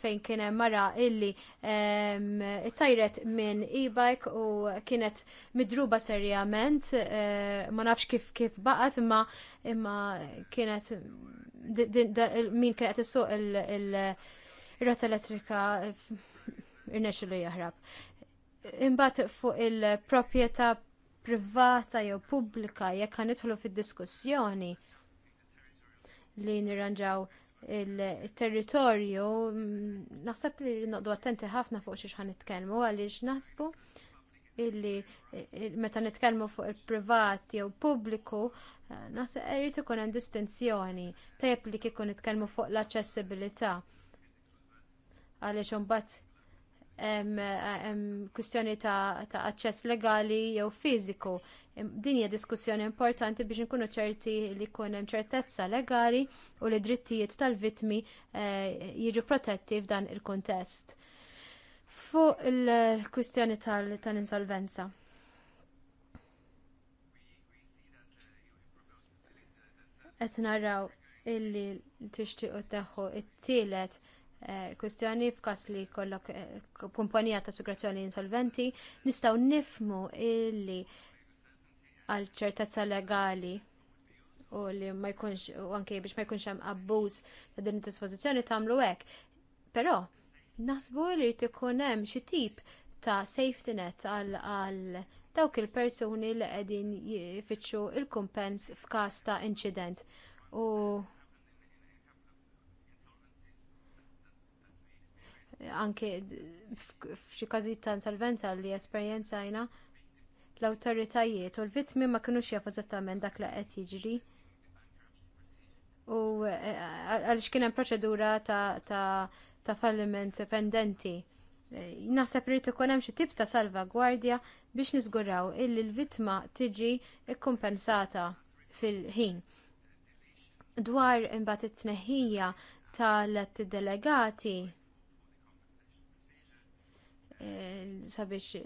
fejn kien hemm mara illi tajret minn e-bike u kienet midruba serjament eh, ma nafx kif kif baqgħet imma imma kienet min kienet issuq il-rata elettrika irnexxilu jaħrab. Imbagħad fuq il-proprjetà privata jew pubblika jekk nidħlu fid-diskussjoni li nirranġaw il-territorju, mm, naħseb li noqdu attenti ħafna fuq xiex ħan nitkellmu għaliex naħsbu illi eh, eh, meta nitkellmu fuq il-privat jew pubbliku, eh, naħseb irid ikun hemm distinzjoni tajjeb li kieku nitkellmu fuq l-aċċessibilità. Għaliex imbagħad hemm kwistjoni ta' aċċess legali jew fiżiku Din hija diskussjoni importanti biex nkunu ċerti li jkun hemm ċertezza legali u li drittijiet tal-vittmi eh, jiġu protetti f'dan il-kuntest. Fuq il-kwistjoni tal-insolvenza. Qed narraw illi tixtiequ teħħu it-tielet eh, kwistjoni f'każ li jkollok eh, kumpanija ta' assigurazzjoni insolventi, nistgħu nifmu illi għal ċertezza legali u li ma jkunx u anke biex ma jkunx hemm abbuż ta' din id-dispożizzjoni tagħmlu hekk. Però naħsbu li jrid ikun hemm xi tip ta' safety net għal dawk il-persuni li qegħdin jfittxu l kumpens f'każ ta' inċident. U anke f'xi każijiet ta' insolvenza li esperjenzajna l-awtoritajiet u l-vittmi ma kinux jafu eżattament dak li qed jiġri. U eh, eh, għaliex kien hemm proċedura ta' falliment pendenti. Eh, naħseb li ikun hemm xi tip ta' salvagwardja biex niżguraw illi l-vittma tiġi kkumpensata fil-ħin. Dwar imbagħad it-tneħħija tal-delegati sabiex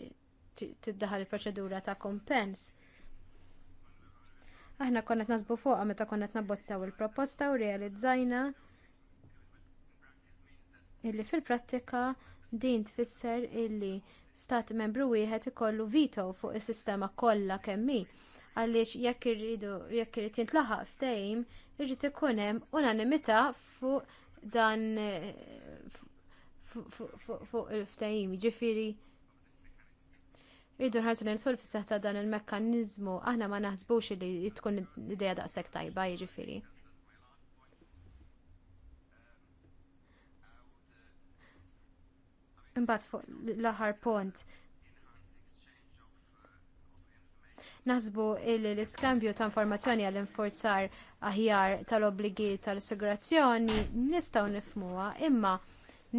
tiddaħal il-proċedura ta' kompens. Aħna konna qed nasbu fuqha meta konna qed nabbozzaw il-proposta u realizzajna illi fil-prattika din tfisser illi stat membru wieħed ikollu veto fuq is-sistema kollha kemm hi għaliex jekk irridu jekk irid jintlaħaq ftehim irrid ikun hemm unanimità fuq dan eh, fuq il-ftehim. Ġifieri Idu nħarsu li insul fi seħta dan il-mekkanizmu, aħna ma naħsbux li tkun id-deja daqsek tajba jiġifieri. Imbagħad fuq l-aħħar punt. Naħsbu li l-iskambju ta' informazzjoni għall inforzar aħjar tal obbligi tal-assigurazzjoni nistgħu nifhmuha imma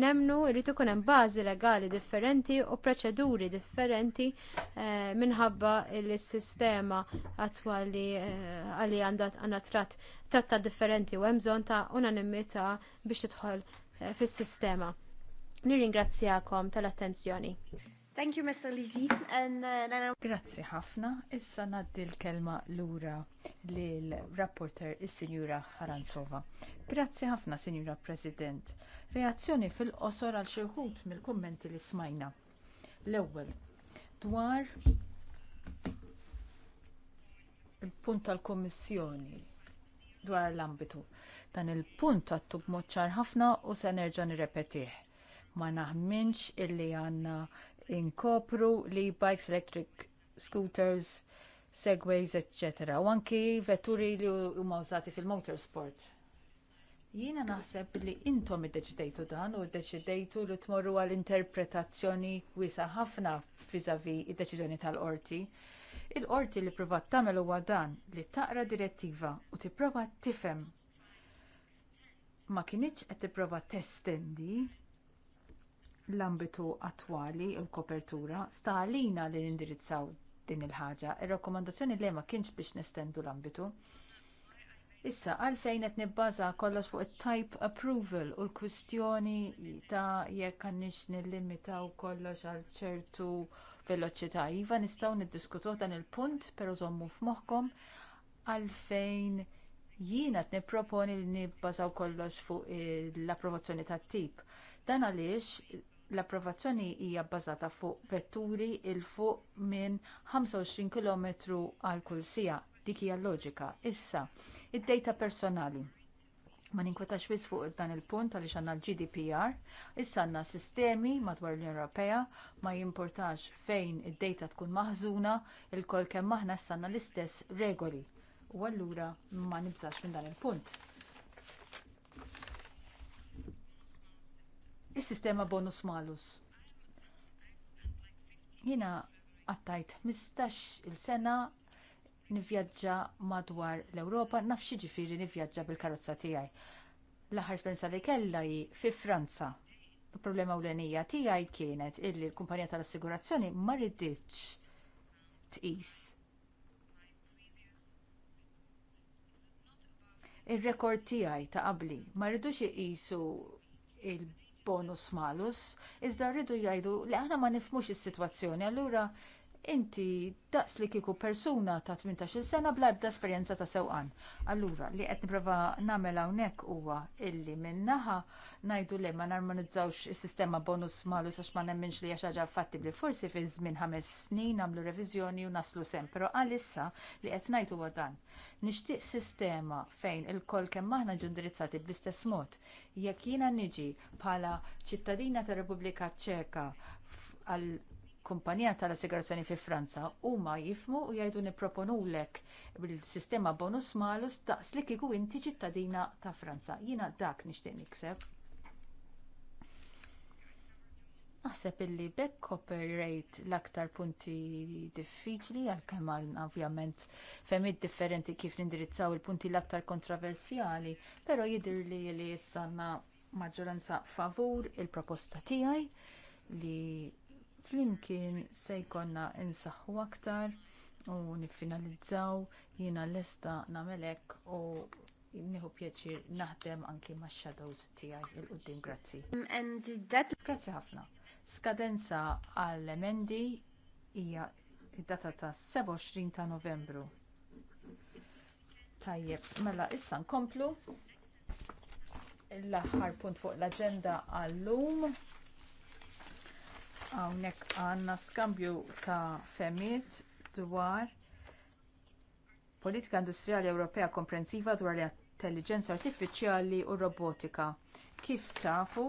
Nemnu jrid ikun hemm bażi legali differenti u proċeduri differenti eh, minħabba li s sistema attwali eh, għalli għandha tratt tratta differenti u hemm bżonn ta' unanimità biex tidħol eh, fis-sistema. Nirringrazzjakom tal-attenzjoni. Thank you, Mr. Lizzy. Uh, Grazzi ħafna. Issa naddi l-kelma lura lill rapporter is-Sinjura Haransova. Grazzi ħafna, Sinjura President. Reazzjoni fil-qosor għal xi wħud mill-kummenti li smajna. L-ewwel dwar il-punt tal-Kummissjoni dwar l-ambitu. Dan il-punt għattu moċċar ħafna u se nerġa' nirrepetih. Ma naħminx illi għanna inkopru li bikes, electric scooters, segways, etc. U anki vetturi li huma użati fil-motorsport. Jiena naħseb li intom iddeċidejtu dan u ddeċidejtu li tmorru għal interpretazzjoni wiesa ħafna vizavi id-deċiżjoni tal-qorti. Il-qorti li provat tagħmel huwa dan li taqra direttiva u tipprova tifhem. Ma kinitx qed tipprova testendi l-ambitu attwali u l-kopertura sta għalina li nindirizzaw din il-ħaġa. Ir-rakkomandazzjoni li ma kienx biex nestendu l-ambitu. Issa, għalfejn qed nibbaża kollox fuq it-type approval u l-kwistjoni ta' jekk għandix nillimitaw kollox għal ċertu veloċità. Iva nistgħu niddiskutuh dan il-punt, però żommu f'moħħkom għalfejn jiena qed nipproponi li nibbażaw kollox fuq l-approvazzjoni tat-tip. Dan għaliex L-approvazzjoni hija bbażata fuq vetturi il fuq minn 25 km għal kull sija. Dik hija loġika. Issa, id-data personali. Ma ninkwetax biss fuq dan il-punt għaliex għandna l-GDPR, issa għandna sistemi madwar l-Unjoni Ewropea ma jimportax fejn id-data tkun maħżuna, il-kol kemm aħna issa l-istess regoli. U allura ma nibżax minn dan il-punt. is-sistema bonus malus. Jiena għattajt 15 il-sena nivvjaġġa madwar l-Ewropa, naf xi ġifieri nivvjaġġa bil-karozza tiegħi. L-aħħar spensa li kellha hi fi Franza. Il-problema ewlenija tiegħi kienet illi l-kumpanija tal-assigurazzjoni ma rriditx tqis ir rekord tiegħi ta' qabli ma rridux iqisu il bonus malus, iżda rridu jgħidu li aħna ma nifmux is-sitwazzjoni, allura inti daqs li kiku persuna ta' 18 sena bla ebda esperjenza ta' sewqan. Allura, li qed nipprova nagħmel hawnhekk huwa illi minnaħa ngħidu li ma narmonizzawx is-sistema bonus malu sax ma nemminx li ħaġa fattibli, forsi fi żmien ħames snin nagħmlu reviżjoni u naslu sem, però għalissa li qed najdu huwa dan. Nixtieq sistema fejn il kol kemm aħna ġu bl-istess mod. Jekk jiena niġi bħala ċittadina ta' Repubblika Ċeka għal kumpanija tal-assigurazzjoni fi Franza huma jifmu u jgħidu nipproponulek bil-sistema bonus malus daqs li kieku inti ċittadina ta' Franza. Jiena dak nixtieq nikseb. Naħseb illi b'hekk operate l-aktar punti diffiċli għalkemm ovvjament femmit differenti kif nindirizzaw il-punti l-aktar kontroversjali, però jidhirli li issa għandna maġġoranza favur il-proposta tiegħi li flimkien se jkollna insaħħu aktar u niffinalizzaw jiena lesta nagħmel hekk u nieħu pjaċir naħdem anki max-shadows tiegħi il qudiem grazzi. Grazzi ħafna. Skadenza għall-emendi hija id-data ta' 27 ta' Novembru. Tajjeb, mela issa nkomplu l-aħħar punt fuq l-aġenda għall-lum. Hawnhekk għandna skambju ta' femiet dwar politika industrijali Ewropea komprensiva dwar l-intelligenza artifiċjali u robotika. Kif tafu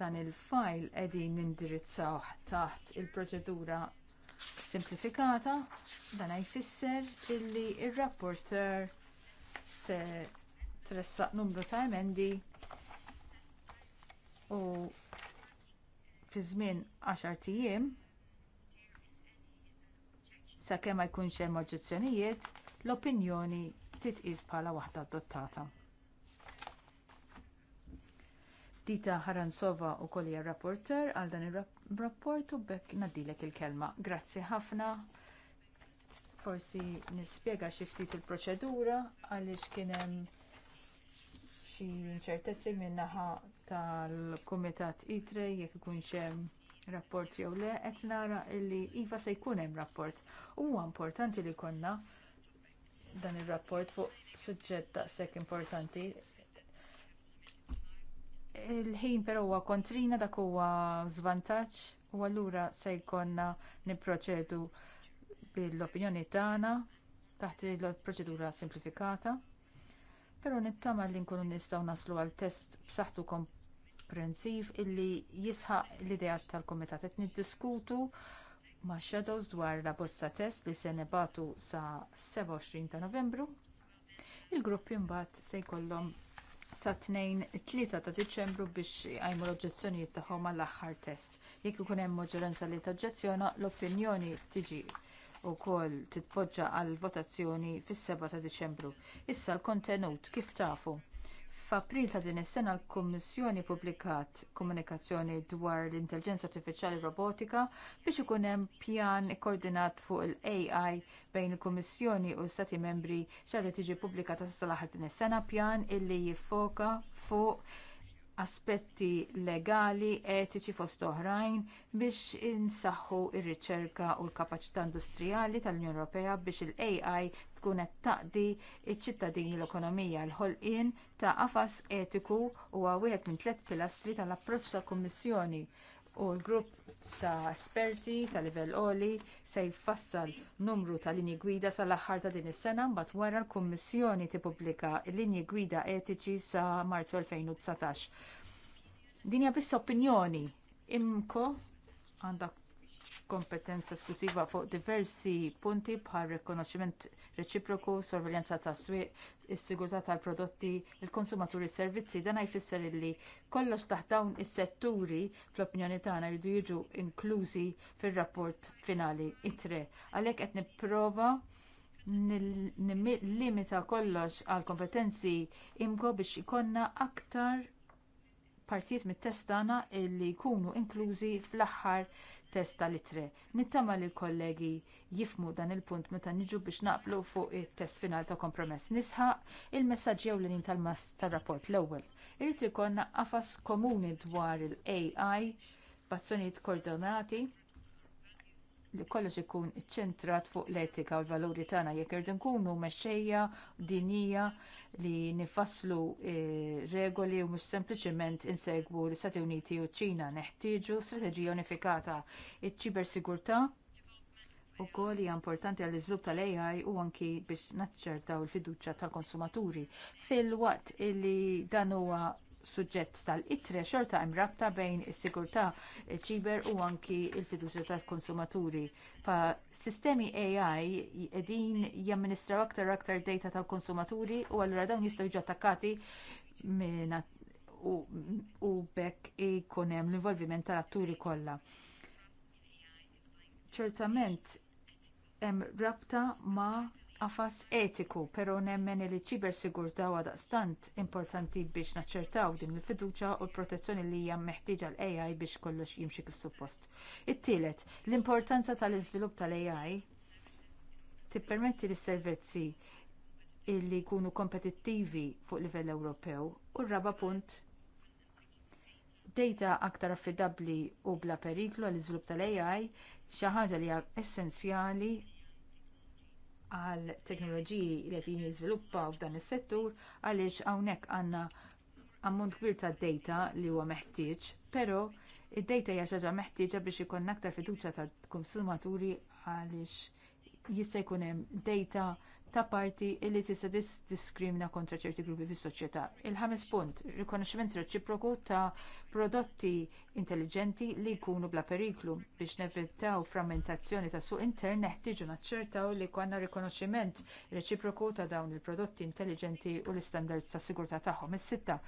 dan il-fajl qegħdin indirizzaw taħt il-proċedura simplifikata, dan jfisser illi r il rapporter se tressaq numru ta' emendi u fi żmien 10 tiem sakemm ma jkunx hemm oġġezzjonijiet, l-opinjoni titqis bħala waħda adottata. Dita Haransova u kolja rapporter għal dan ir-rapport u bekk nadilek il-kelma. Grazzi ħafna. Forsi nispjega xi ftit il-proċedura għaliex kien hemm xi inċertezzi min-naħa tal-Kumitat ITRE jekk ikunx hemm rapport jew le, qed nara li iva se jkun hemm rapport. Huwa importanti li konna dan ir rapport fuq suġġett daqshekk importanti. Il-ħin però huwa kontrina dak huwa żvantaġġ u allura se jkollna nipproċedu bil-opinjoni tagħna taħt il-proċedura simplifikata. Però nittama li nkunu nistgħu naslu għal test b'saħħtu kom komprensiv illi jisħaq l-idea tal-komitat qed niddiskutu ma' shadows dwar la bozza test li se nebatu sa 27 ta' Novembru. Il-grupp imbagħad se jkollhom sa 2-3 ta' Diċembru biex jgħajmu l-oġġezzjonijiet tagħhom għall-aħħar test. Jekk ikun hemm maġġoranza li taġġezzjona, l-opinjoni tiġi wkoll titpoġġa għal votazzjoni fis-7 ta' Diċembru. Issa l-kontenut kif tafu? F'April ta' din is-sena l-Kummissjoni ppubblikat komunikazzjoni dwar l-intelligenza artifiċjali robotika biex ikun hemm pjan koordinat fuq il-AI bejn il-Kummissjoni u l-Stati membri xi tiġi pubblikata sa sal din is-sena pjan illi jiffoka fuq aspetti legali, etiċi fost oħrajn biex insaħħu r riċerka u l-kapaċità industrijali tal-Unjoni Ewropea biex il-AI tkun qed taqdi iċ-ċittadini l-ekonomija l-ħolqien ta' qafas etiku huwa wieħed minn tliet pilastri tal-approċċ tal-Kummissjoni u l-grupp ta' esperti ta' livell oli se jfassal numru ta' linji gwida sal-aħħar ta' din is-sena mbagħad wara l-Kummissjoni tippubblika l-linji gwida etiċi sa' Marzu 2019. Din biss opinjoni imko għandha kompetenza esklusiva fuq diversi punti bħal rikonoxximent reċiproku, sorveljanza tas swieq, is-sigurtà tal-prodotti, il-konsumaturi servizzi, dan jfisser illi kollox taħt dawn is-setturi fl-opinjoni tagħna jridu jiġu inklużi fir-rapport finali itre. Għalhekk qed nipprova nimlimita kollox għal kompetenzi imgo biex ikonna aktar partijiet mit-test tagħna li jkunu inklużi fl-aħħar test tal Nittama li l-kollegi jifmu dan il-punt meta niġu biex naqblu fuq it-test final ta' kompromess. Nisħaq il-messaġġ ewlenin tal-mas tar-rapport l-ewwel. Irid ikollna qafas komuni dwar il-AI b'azzjonijiet koordinati li kollox ikun iċċentrat fuq l-etika u l-valuri tagħna jekk irid nkunu mexxejja dinija li nifasslu eh, regoli u mhux sempliċement insegwu l-Istati Uniti u ċ-Ċina neħtieġu strateġija unifikata iċ sigurtà wkoll hija importanti għall iżvilupp tal-AI u anki biex naċċertaw il-fiduċja tal-konsumaturi. Fil-waqt li dan huwa suġġett tal-itre xorta hemm rabta bejn is-sigurtà ċiber u anki l-fiduċja tal-konsumaturi. Pa sistemi AI qegħdin jamministraw aktar aktar data tal-konsumaturi u allura dawn jistgħu jiġu attakkati u, u bekk ikun hemm l-involviment tal-atturi kollha. Ċertament hemm rabta ma' qafas etiku, però nemmen li ċibersigurtà huwa daqstant importanti biex naċċertaw din il-fiduċja u l-protezzjoni li hija meħtieġa l-AI biex kollox jimxi kif suppost. It-tielet, l-importanza tal-iżvilupp tal-AI tippermetti lis servizzi li jkunu kompetittivi fuq livell Ewropew u r-raba punt data aktar affidabbli u bla periklu għall iżvilupp tal-AI xi ħaġa li hija essenzjali għal teknoloġiji li qed jiżviluppaw f'dan is-settur għaliex hawnhekk għandna ammont kbir ta' data li huwa meħtieġ, però id-data hija xi ħaġa meħtieġa biex ikun aktar fiduċja tal-konsumaturi għaliex jista' jkun hemm data ta' parti li tista' diskrimina kontra ċerti gruppi fis-soċjetà. Il-ħames punt, rikonoxximent reċiproku ta' prodotti intelligenti li jkunu bla periklu biex nevitaw frammentazzjoni ta' suq intern neħtieġu naċċertaw li jkollna rikonoxximent reċiproku ta' dawn il-prodotti intelligenti u l-istandards ta' sigurtà tagħhom. Is-sitta,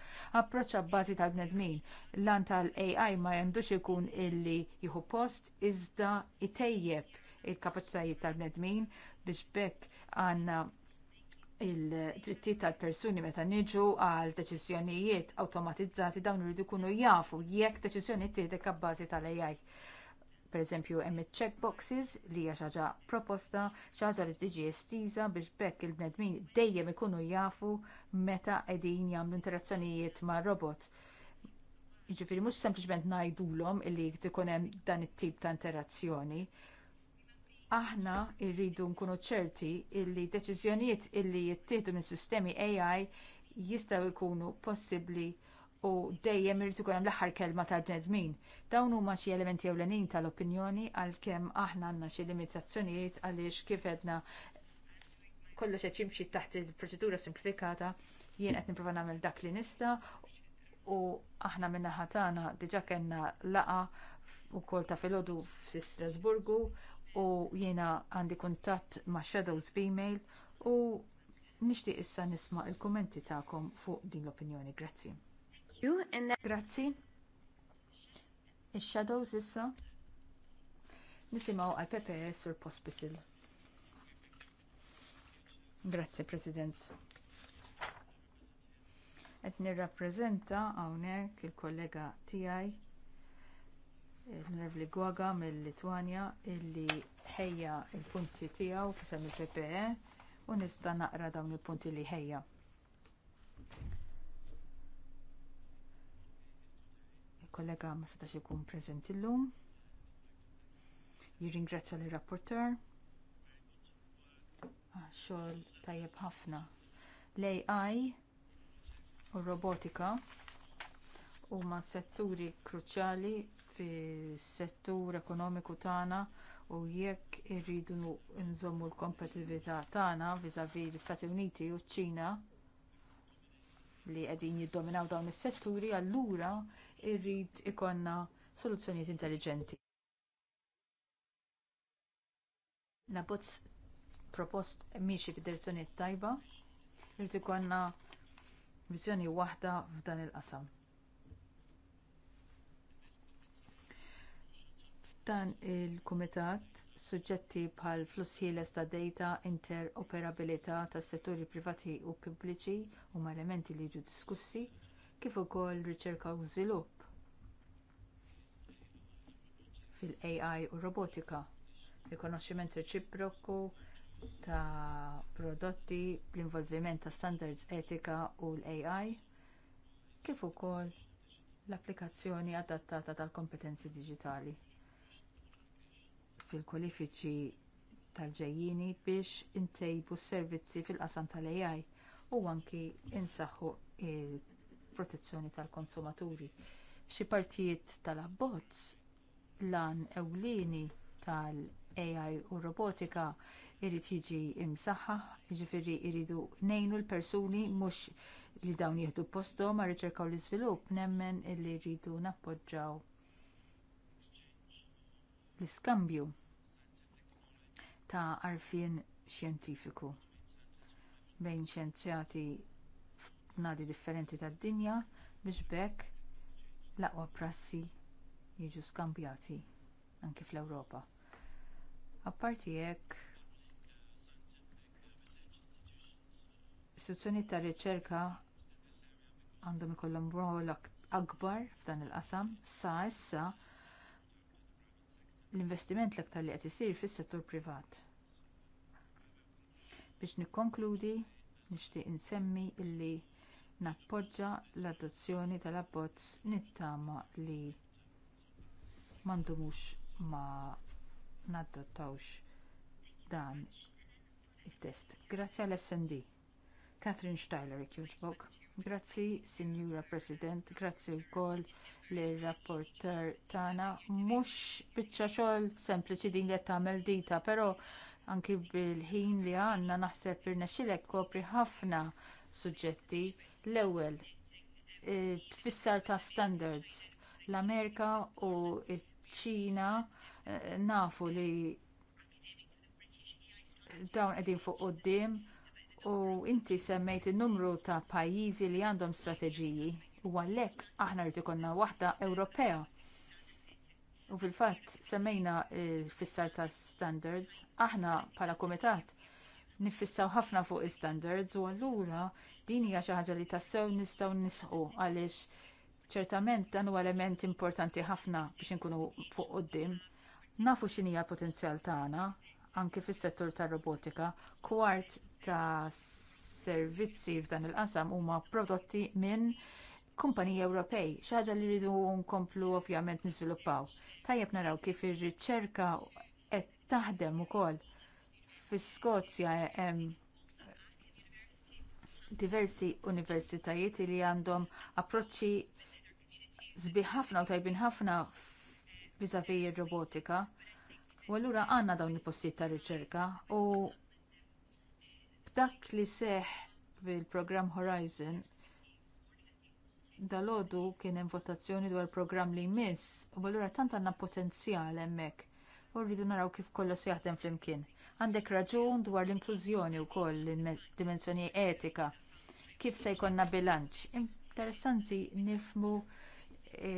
approċċ bażi tal-bnedmin. Lan tal-AI ma jandux ikun illi jieħu post iżda itejjeb il-kapaċitajiet tal-bnedmin biex bekk għandna il-drittijiet tal-persuni meta niġu għal deċiżjonijiet awtomatizzati dawn iridu jkunu jafu jekk deċiżjoni tiedek abbażi tal-AI. Pereżempju hemm iċ checkboxes li hija xi ħaġa proposta, xi ħaġa li tiġi estiża biex bekk il-bnedmin dejjem ikunu jafu meta qegħdin jagħmlu interazzjonijiet mar robot. Jiġifieri mhux sempliċement ngħidulhom illi ikun hemm dan it-tip ta' interazzjoni, aħna rridu nkunu ċerti illi deċiżjonijiet illi jittieħdu minn sistemi AI jistgħu jkunu possibbli u dejjem irid ikun hemm l-aħħar kelma tal-bnedmin. Dawn huma xi elementi ewlenin tal-opinjoni għalkemm aħna għandna xi limitazzjonijiet għaliex kif edna kollox qed jimxi taħt il-proċedura simplifikata jien qed nipprova nagħmel dak li nista' u aħna min-naħa tagħna diġà kellna laqa wkoll ta' filgħodu fi Strasburgu u jiena għandi kuntatt ma' Shadows b'email u nixtieq issa nisma' il-kummenti tagħkom fuq din l-opinjoni. Grazzi. Grazzi. il shadows issa nisimaw għal PPS u l-Pospisil. Grazzi, President qed nirrappreżenta hawnhekk il-kollega tiegħi l-Nervli Gwaga mill-Litwanja illi ħejja l il punti tiegħu fisem il-PPE u nista naqra dawn il-punti li ħejja. Il-kollega ma setax ikun preżenti illum. Jirringrazzja l-rapporter. Ah, xogħol tajjeb ħafna. L-AI u robotika huma setturi kruċjali fis-settur ekonomiku tagħna u jekk irridu nżommu l-kompetitività tagħna vis l-Istati Uniti u ċ-Ċina li qegħdin jiddominaw dawn is-setturi, allura irrid ikonna soluzzjonijiet intelligenti. Nabbozz propost miexi fid-direzzjoni tajba, irrid ikonna viżjoni waħda f'dan il-qasam. dan il-kumitat suġġetti bħal flusħieles ħieles ta' dejta interoperabilità tas setturi privati u pubbliċi huma elementi li jiġu diskussi kif ukoll riċerka u żvilupp fil-AI u robotika, rikonoxximent reċiproku ta' prodotti bl-involviment ta' standards etika u l-AI, kif ukoll l-applikazzjoni adattata tal-kompetenzi diġitali fil-kwalifiċi tal-ġejjini biex intejbu s-servizzi fil-qasam tal-AI u anki insaħħu l protezzjoni tal-konsumaturi. F'xi partijiet tal-abbozz lan ewlieni tal-AI u robotika jrid jiġi imsaħħa, jiġifieri jridu ngħinu l-persuni mhux li dawn jieħdu posthom ma riċerkaw l-iżvilupp nemmen li jridu nappoġġjaw l-iskambju ta' arfien xjentifiku bejn xjenzjati f'nadi differenti tad-dinja biex bekk l-aqwa prassi jiġu skambjati anki fl-Ewropa. Apparti hekk istituzzjonijiet ta' riċerka għandhom ikollhom rol akbar f'dan il-qasam sa issa l-investiment l-aktar li qed isir fis-settur privat. Biex nikkonkludi, nixtieq insemmi illi nappoġġa l-adozzjoni tal-abbozz nittama li m'għandhomux ma nadottawx dan it-test. Grazzi għall sd Catherine Steiler, Kirchbog. Grazzi, Signora President, grazzi wkoll lir-rapporter tagħna mhux biċċa xogħol sempliċi din li qed tagħmel dita, però anki bil-ħin li għandna naħseb irnexxilek kopri ħafna suġġetti. L-ewwel tfissar ta' standards l-Amerika u ċ-Ċina eh, nafu li dawn qegħdin fuq quddiem u inti semmejt in numru ta' pajjiżi li għandhom strateġiji U għalhekk aħna rrid ikollna waħda Ewropea. U fil-fatt semmejna l-fissar eh, ta' standards, aħna bħala kumitat niffissaw ħafna fuq standards u allura din hija xi ħaġa li tassew nistgħu nisħu għaliex ċertament dan huwa element importanti ħafna biex inkunu fuq quddiem. Nafu x'inhi l-potenzjal tagħna anke fis-settur tar-robotika, kwart ta' servizzi f'dan il-qasam huma prodotti minn kumpaniji Ewropej, xi ħaġa li rridu nkomplu ovvjament niżviluppaw. Tajjeb naraw kif ir-riċerka qed taħdem ukoll fis-Skozja hemm diversi universitajiet li għandhom approċċi sbieħ ħafna u tajbin ħafna vizavi robotika. U allura għandna dawn il-postijiet ta' riċerka u b'dak li seħħ bil-programm Horizon dalodu kien hemm votazzjoni dwar programm li jmiss u allura tant għandna potenzjal hemmhekk u rridu naraw kif kollox jaħdem flimkien. Għandek raġun dwar l-inklużjoni wkoll id dimensjoni etika. Kif se jkollna bilanċ? Interessanti nifmu e,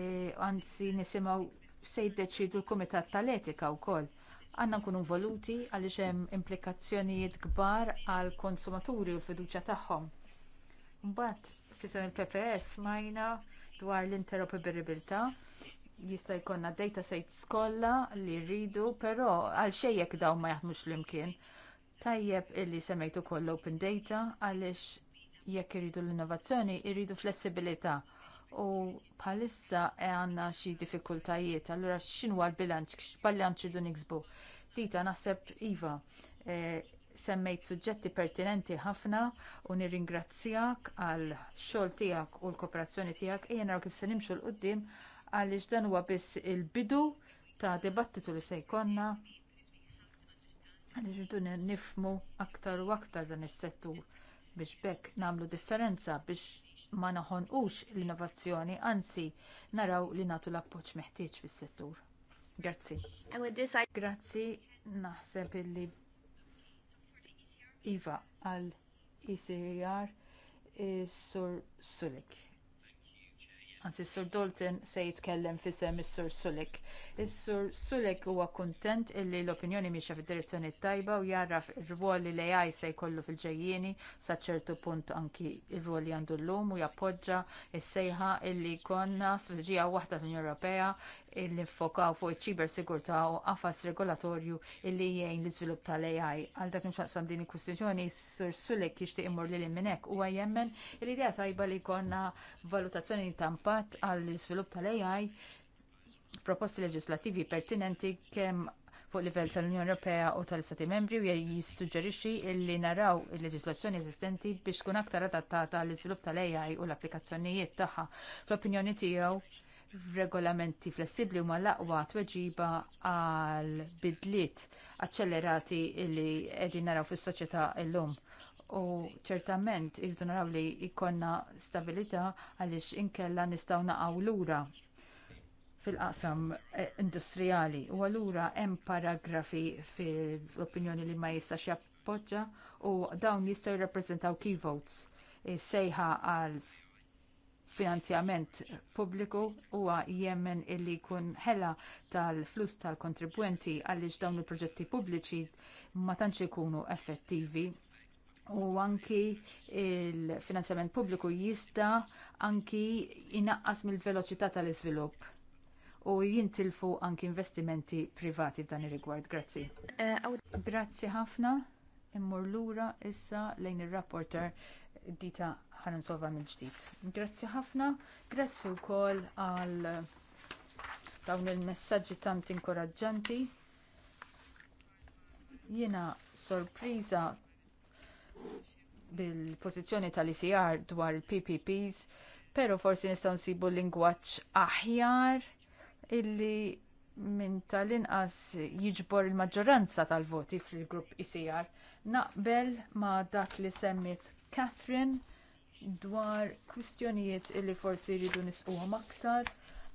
anzi nisimgħu se jiddeċidu l-Kumitat tal-Etika wkoll għanna nkunu involuti għaliex hemm implikazzjonijiet kbar għall konsumaturi u l-fiduċja tagħhom. Mbagħad fisem il-PPS majna dwar l-interoperabilità jista' jkollna data sejt skolla li rridu, però għal xejjek dawn ma jaħdmux l-imkien. Tajjeb illi semmejtu koll open data għaliex jekk irridu l-innovazzjoni irridu flessibilità u bħalissa e għandna għanna xi diffikultajiet, allura xinu l-bilanċ, x'baljanċ irridu niksbu. Dita naħseb Iva, eh, semmejt suġġetti pertinenti ħafna u nirringrazzjak għal xogħol tiegħek u l-kooperazzjoni tiegħek ejja naraw kif se nimxu l qudiem għaliex dan huwa biss il-bidu ta' dibattitu li se jkollna għaliex nifmu aktar u aktar dan is-settur biex bekk nagħmlu differenza biex ma naħonqux l-innovazzjoni, anzi naraw li nagħtu l-appoġġ meħtieġ fis-settur. Grazzi. Grazzi, naħseb illi Iva għal ICR e e Sur Sulik. Anzi, Sur Dalton se jitkellem fisem is-Sur Sulik. Is-Sur Sulik huwa kuntent illi l-opinjoni miexa fid-direzzjoni tajba u jarraf ir-rwol li l-AI se jkollu fil-ġejjieni sa ċertu punt anki r rwol li għandu llum u jappoġġa s-sejħa illi konna strateġija waħda tal-Unjoni Ewropea illi fokaw fuq iċ-ċiber sigurtà u qafas regolatorju illi jgħin l-iżvilupp tal-AI. Għal dak nixaqsam din il-kwistjoni sur Sulek jixtieq imur lil minn hekk huwa jemmen l-idea tajba li jkollna valutazzjoni ta' impatt għall iżvilupp tal-AI proposti leġislattivi pertinenti kemm fuq livell tal-Unjoni Ewropea u tal-Istati Membri u jissuġġerixxi li naraw il-leġislazzjoni eżistenti biex tkun aktar adattata għall iżvilupp tal-AI u l-applikazzjonijiet tagħha. Fl-opinjoni tiegħu regolamenti flessibbli huma l-aqwa tweġiba għal bidliet aċċelerati li qegħdin naraw fis-soċjetà llum. U ċertament irridu naraw li jkollna stabilità għaliex inkella nistgħu naqgħu lura fil-qasam eh, industrijali. U allura hemm paragrafi fil-opinjoni li ma jistax jappoġġa u dawn jistgħu jirrappreżentaw key votes eh, sejħa għal finanzjament pubbliku huwa jemmen illi jkun ħela tal-flus tal-kontribwenti għaliex dawn il-proġetti pubbliċi ma tantx ikunu effettivi u anki l finanzjament pubbliku jista anki jinaqqas mill-veloċità tal-iżvilupp u jintilfu anki investimenti privati f'dan ir-rigward. Grazzi. Eh, Grazzi ħafna. Immur lura issa lejn ir rapporter Dita ħan insolva minn ġdid. Grazzi ħafna, grazzi wkoll għal dawn il-messaġġi tant inkoraġġanti. Jiena sorpriża bil-pożizzjoni tal-ICR dwar il-PPPs, pero forsi nistgħu nsibu l lingwaġġ aħjar illi minn tal-inqas jiġbor il-maġġoranza tal-voti fil-grupp ICR naqbel ma dak li semmiet Catherine dwar kwistjonijiet illi forsi jridu nisquhom aktar,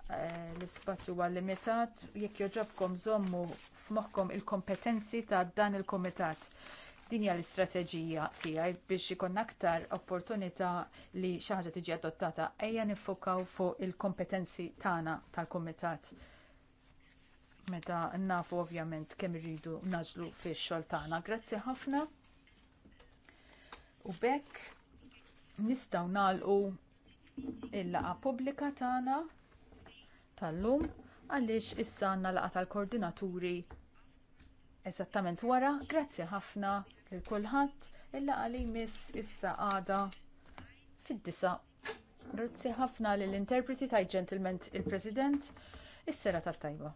eh, l-ispazju huwa limitat, jekk joġobkom żommu f'moħħkom il-kompetenzi ta' dan il kumitat Din hija l-istrateġija tiegħi biex ikun aktar opportunità li xi ħaġa tiġi adottata ejja niffokaw fuq il-kompetenzi tagħna tal-kumitat. Meta nafu ovvjament kemm irridu naġlu fix-xogħol tagħna. Grazzi ħafna. U bekk nistgħu nagħlqu il laqgħa pubblika tagħna tal-lum għaliex issa għandna laqgħa tal-koordinaturi eżattament wara. Grazzi ħafna lil kulħadd il laqgħa li jmiss issa għada fid-disa. Grazzi ħafna lill interpreti tal-ġentilment il-President is-sera tat-tajba.